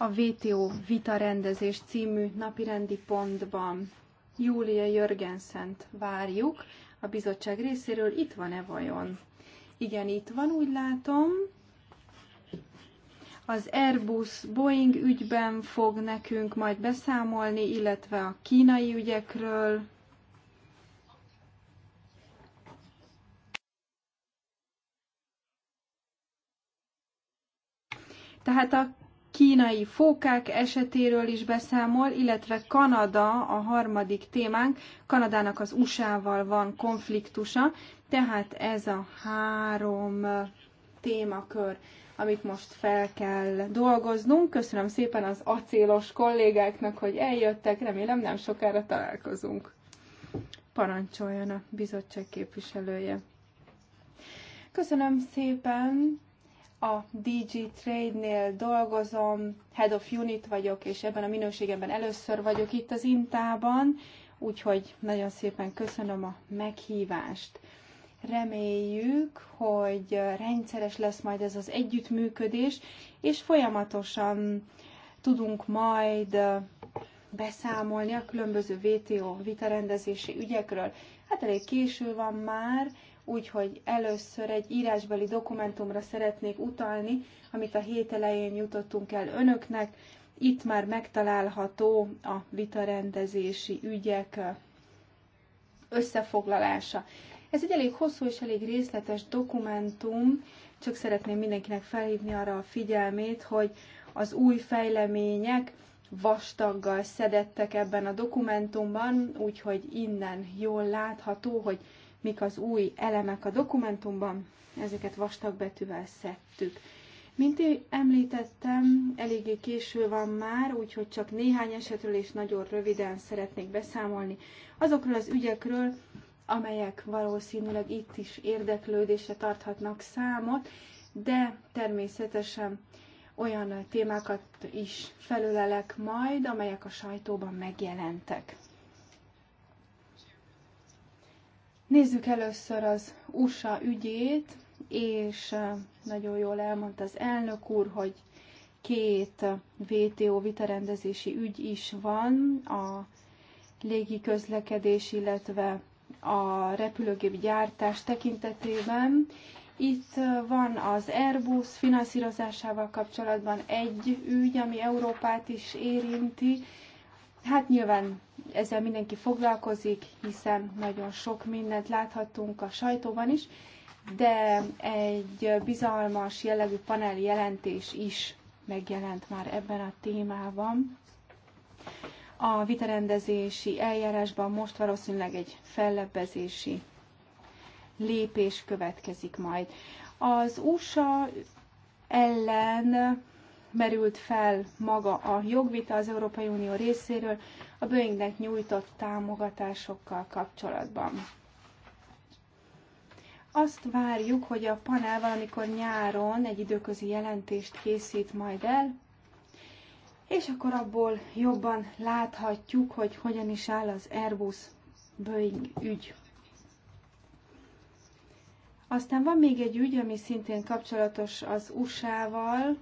S1: a VTO vita rendezés című napirendi pontban Júlia Jörgenszent várjuk a bizottság részéről. Itt van-e vajon? Igen, itt van, úgy látom. Az Airbus Boeing ügyben fog nekünk majd beszámolni, illetve a kínai ügyekről. Tehát a kínai fókák esetéről is beszámol, illetve Kanada a harmadik témánk. Kanadának az USA-val van konfliktusa, tehát ez a három témakör, amit most fel kell dolgoznunk. Köszönöm szépen az acélos kollégáknak, hogy eljöttek, remélem nem sokára találkozunk. Parancsoljon a bizottság képviselője. Köszönöm szépen! a DG Trade-nél dolgozom, Head of Unit vagyok, és ebben a minőségemben először vagyok itt az Intában, úgyhogy nagyon szépen köszönöm a meghívást. Reméljük, hogy rendszeres lesz majd ez az együttműködés, és folyamatosan tudunk majd beszámolni a különböző VTO vitarendezési ügyekről. Hát elég késő van már, úgyhogy először egy írásbeli dokumentumra szeretnék utalni, amit a hét elején jutottunk el önöknek. Itt már megtalálható a vitarendezési ügyek összefoglalása. Ez egy elég hosszú és elég részletes dokumentum, csak szeretném mindenkinek felhívni arra a figyelmét, hogy az új fejlemények vastaggal szedettek ebben a dokumentumban, úgyhogy innen jól látható, hogy mik az új elemek a dokumentumban, ezeket vastag betűvel szedtük. Mint én említettem, eléggé késő van már, úgyhogy csak néhány esetről és nagyon röviden szeretnék beszámolni azokról az ügyekről, amelyek valószínűleg itt is érdeklődésre tarthatnak számot, de természetesen olyan témákat is felölelek majd, amelyek a sajtóban megjelentek. Nézzük először az USA ügyét, és nagyon jól elmondta az elnök úr, hogy két VTO vitarendezési ügy is van, a légi közlekedés, illetve a repülőgép gyártás tekintetében. Itt van az Airbus finanszírozásával kapcsolatban egy ügy, ami Európát is érinti, Hát nyilván ezzel mindenki foglalkozik, hiszen nagyon sok mindent láthatunk a sajtóban is, de egy bizalmas jellegű panel jelentés is megjelent már ebben a témában. A vitarendezési eljárásban most valószínűleg egy fellebbezési lépés következik majd. Az USA ellen merült fel maga a jogvita az Európai Unió részéről a Boeingnek nyújtott támogatásokkal kapcsolatban. Azt várjuk, hogy a panel valamikor nyáron egy időközi jelentést készít majd el, és akkor abból jobban láthatjuk, hogy hogyan is áll az Airbus Boeing ügy. Aztán van még egy ügy, ami szintén kapcsolatos az USA-val,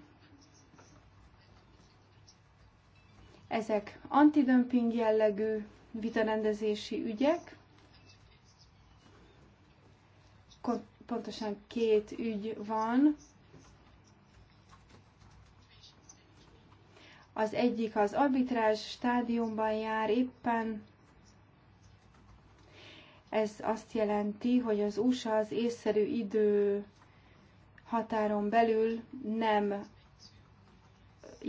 S1: Ezek antidömping jellegű vitarendezési ügyek, pontosan két ügy van. Az egyik az arbitrás stádiumban jár éppen, ez azt jelenti, hogy az USA az észszerű idő határon belül nem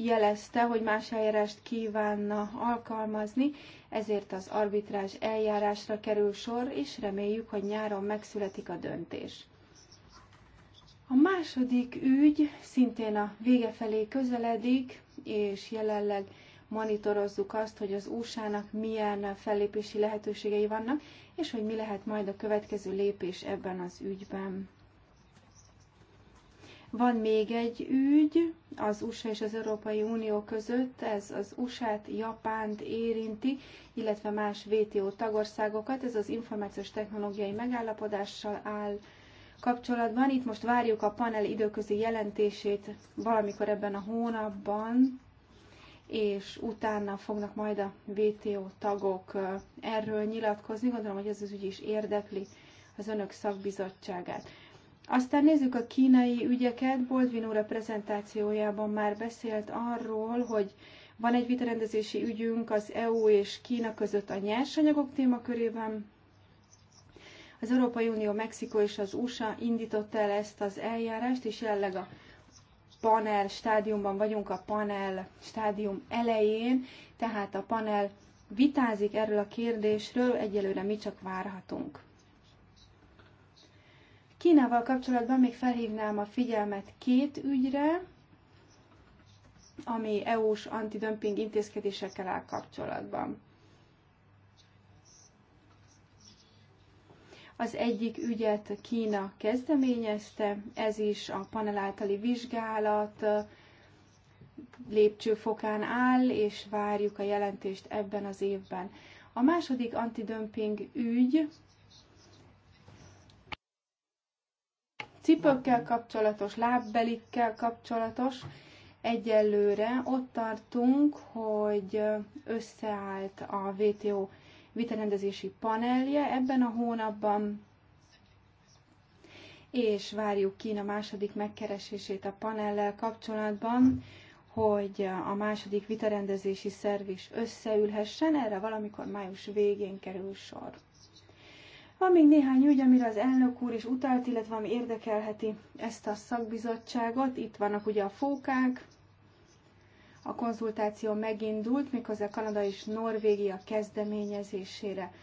S1: jelezte, hogy más eljárást kívánna alkalmazni, ezért az arbitrás eljárásra kerül sor, és reméljük, hogy nyáron megszületik a döntés. A második ügy szintén a vége felé közeledik, és jelenleg monitorozzuk azt, hogy az USA-nak milyen fellépési lehetőségei vannak, és hogy mi lehet majd a következő lépés ebben az ügyben. Van még egy ügy az USA és az Európai Unió között, ez az USA-t, Japánt érinti, illetve más WTO tagországokat, ez az információs technológiai megállapodással áll kapcsolatban. Itt most várjuk a panel időközi jelentését valamikor ebben a hónapban, és utána fognak majd a WTO tagok erről nyilatkozni. Gondolom, hogy ez az ügy is érdekli az önök szakbizottságát. Aztán nézzük a kínai ügyeket. Boldvin úr a prezentációjában már beszélt arról, hogy van egy vitarendezési ügyünk az EU és Kína között a nyersanyagok témakörében. Az Európai Unió, Mexikó és az USA indította el ezt az eljárást, és jelenleg a panel stádiumban vagyunk, a panel stádium elején, tehát a panel vitázik erről a kérdésről, egyelőre mi csak várhatunk. Kínával kapcsolatban még felhívnám a figyelmet két ügyre, ami EU-s antidömping intézkedésekkel áll kapcsolatban. Az egyik ügyet Kína kezdeményezte, ez is a panel általi vizsgálat lépcsőfokán áll, és várjuk a jelentést ebben az évben. A második antidömping ügy cipőkkel kapcsolatos, lábbelikkel kapcsolatos. Egyelőre ott tartunk, hogy összeállt a WTO vitarendezési panelje ebben a hónapban, és várjuk ki a második megkeresését a panellel kapcsolatban, hogy a második vitarendezési szerv is összeülhessen, erre valamikor május végén kerül sor. Van még néhány ügy, amire az elnök úr is utalt, illetve ami érdekelheti ezt a szakbizottságot. Itt vannak ugye a fókák, a konzultáció megindult, méghozzá Kanada és Norvégia kezdeményezésére.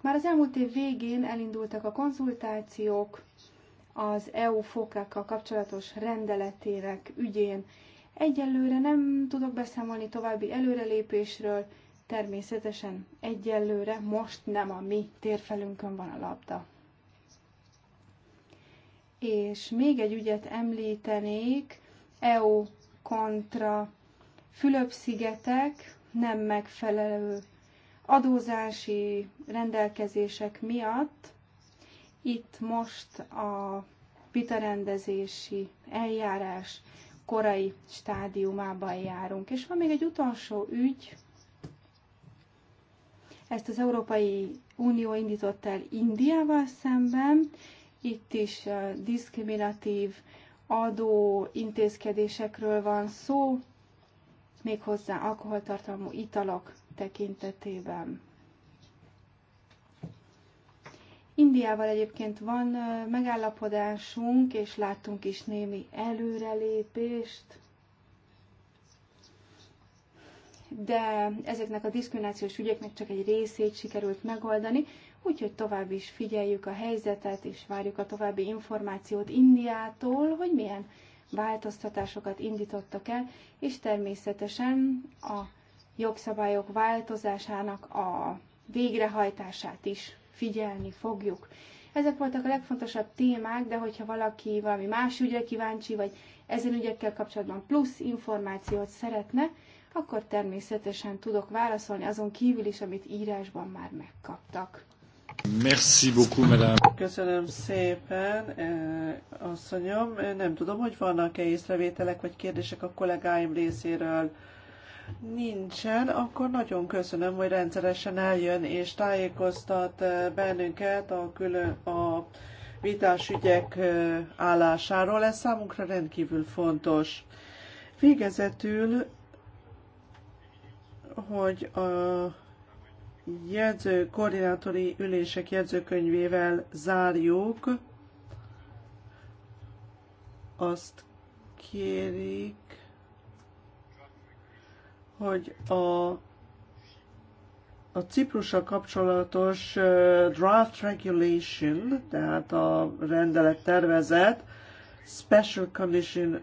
S1: Már az elmúlt év végén elindultak a konzultációk az EU fókákkal kapcsolatos rendeletének ügyén. Egyelőre nem tudok beszámolni további előrelépésről, Természetesen egyelőre most nem a mi térfelünkön van a labda. És még egy ügyet említenék, EU kontra Fülöp-szigetek nem megfelelő adózási rendelkezések miatt. Itt most a vitarendezési eljárás korai stádiumában járunk. És van még egy utolsó ügy, Ezt az Európai Unió indított el Indiával szemben, itt is diszkriminatív adó intézkedésekről van szó, méghozzá alkoholtartalmú italok tekintetében. Indiával egyébként van megállapodásunk, és láttunk is némi előrelépést de ezeknek a diszkriminációs ügyeknek csak egy részét sikerült megoldani, úgyhogy tovább is figyeljük a helyzetet, és várjuk a további információt Indiától, hogy milyen változtatásokat indítottak el, és természetesen a jogszabályok változásának a végrehajtását is figyelni fogjuk. Ezek voltak a legfontosabb témák, de hogyha valaki valami más ügyre kíváncsi, vagy ezen ügyekkel kapcsolatban plusz információt szeretne, akkor természetesen tudok válaszolni azon kívül is, amit írásban már megkaptak.
S2: Merci beaucoup, madame. Köszönöm szépen, asszonyom. Nem tudom, hogy vannak-e észrevételek vagy kérdések a kollégáim részéről. Nincsen, akkor nagyon köszönöm, hogy rendszeresen eljön és tájékoztat bennünket a, külön, a vitás ügyek állásáról. Ez számunkra rendkívül fontos. Végezetül hogy a jegyző koordinátori ülések jegyzőkönyvével zárjuk. Azt kérik, hogy a a Ciprussal kapcsolatos draft regulation, tehát a rendelet tervezet, special condition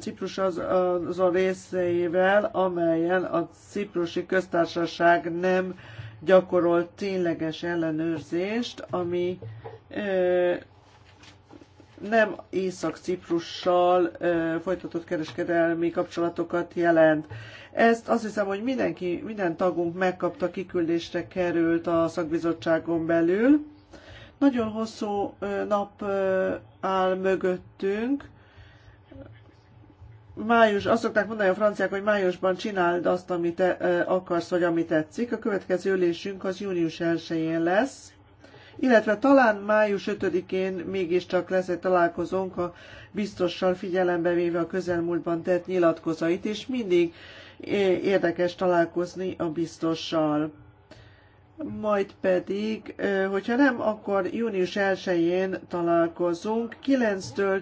S2: Ciprus az, a részeivel, amelyen a ciprusi köztársaság nem gyakorolt tényleges ellenőrzést, ami nem Észak-Ciprussal folytatott kereskedelmi kapcsolatokat jelent. Ezt azt hiszem, hogy mindenki, minden tagunk megkapta, kiküldésre került a szakbizottságon belül. Nagyon hosszú nap áll mögöttünk, május, azt szokták mondani a franciák, hogy májusban csináld azt, amit te, akarsz, vagy amit tetszik. A következő ülésünk az június 1-én lesz, illetve talán május 5-én mégiscsak lesz egy találkozónk a biztossal figyelembe véve a közelmúltban tett nyilatkozait, és mindig érdekes találkozni a biztossal majd pedig, hogyha nem, akkor június 1-én találkozunk 9-től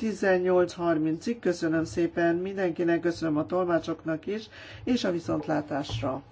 S2: 18.30-ig. Köszönöm szépen mindenkinek, köszönöm a tolmácsoknak is, és a viszontlátásra!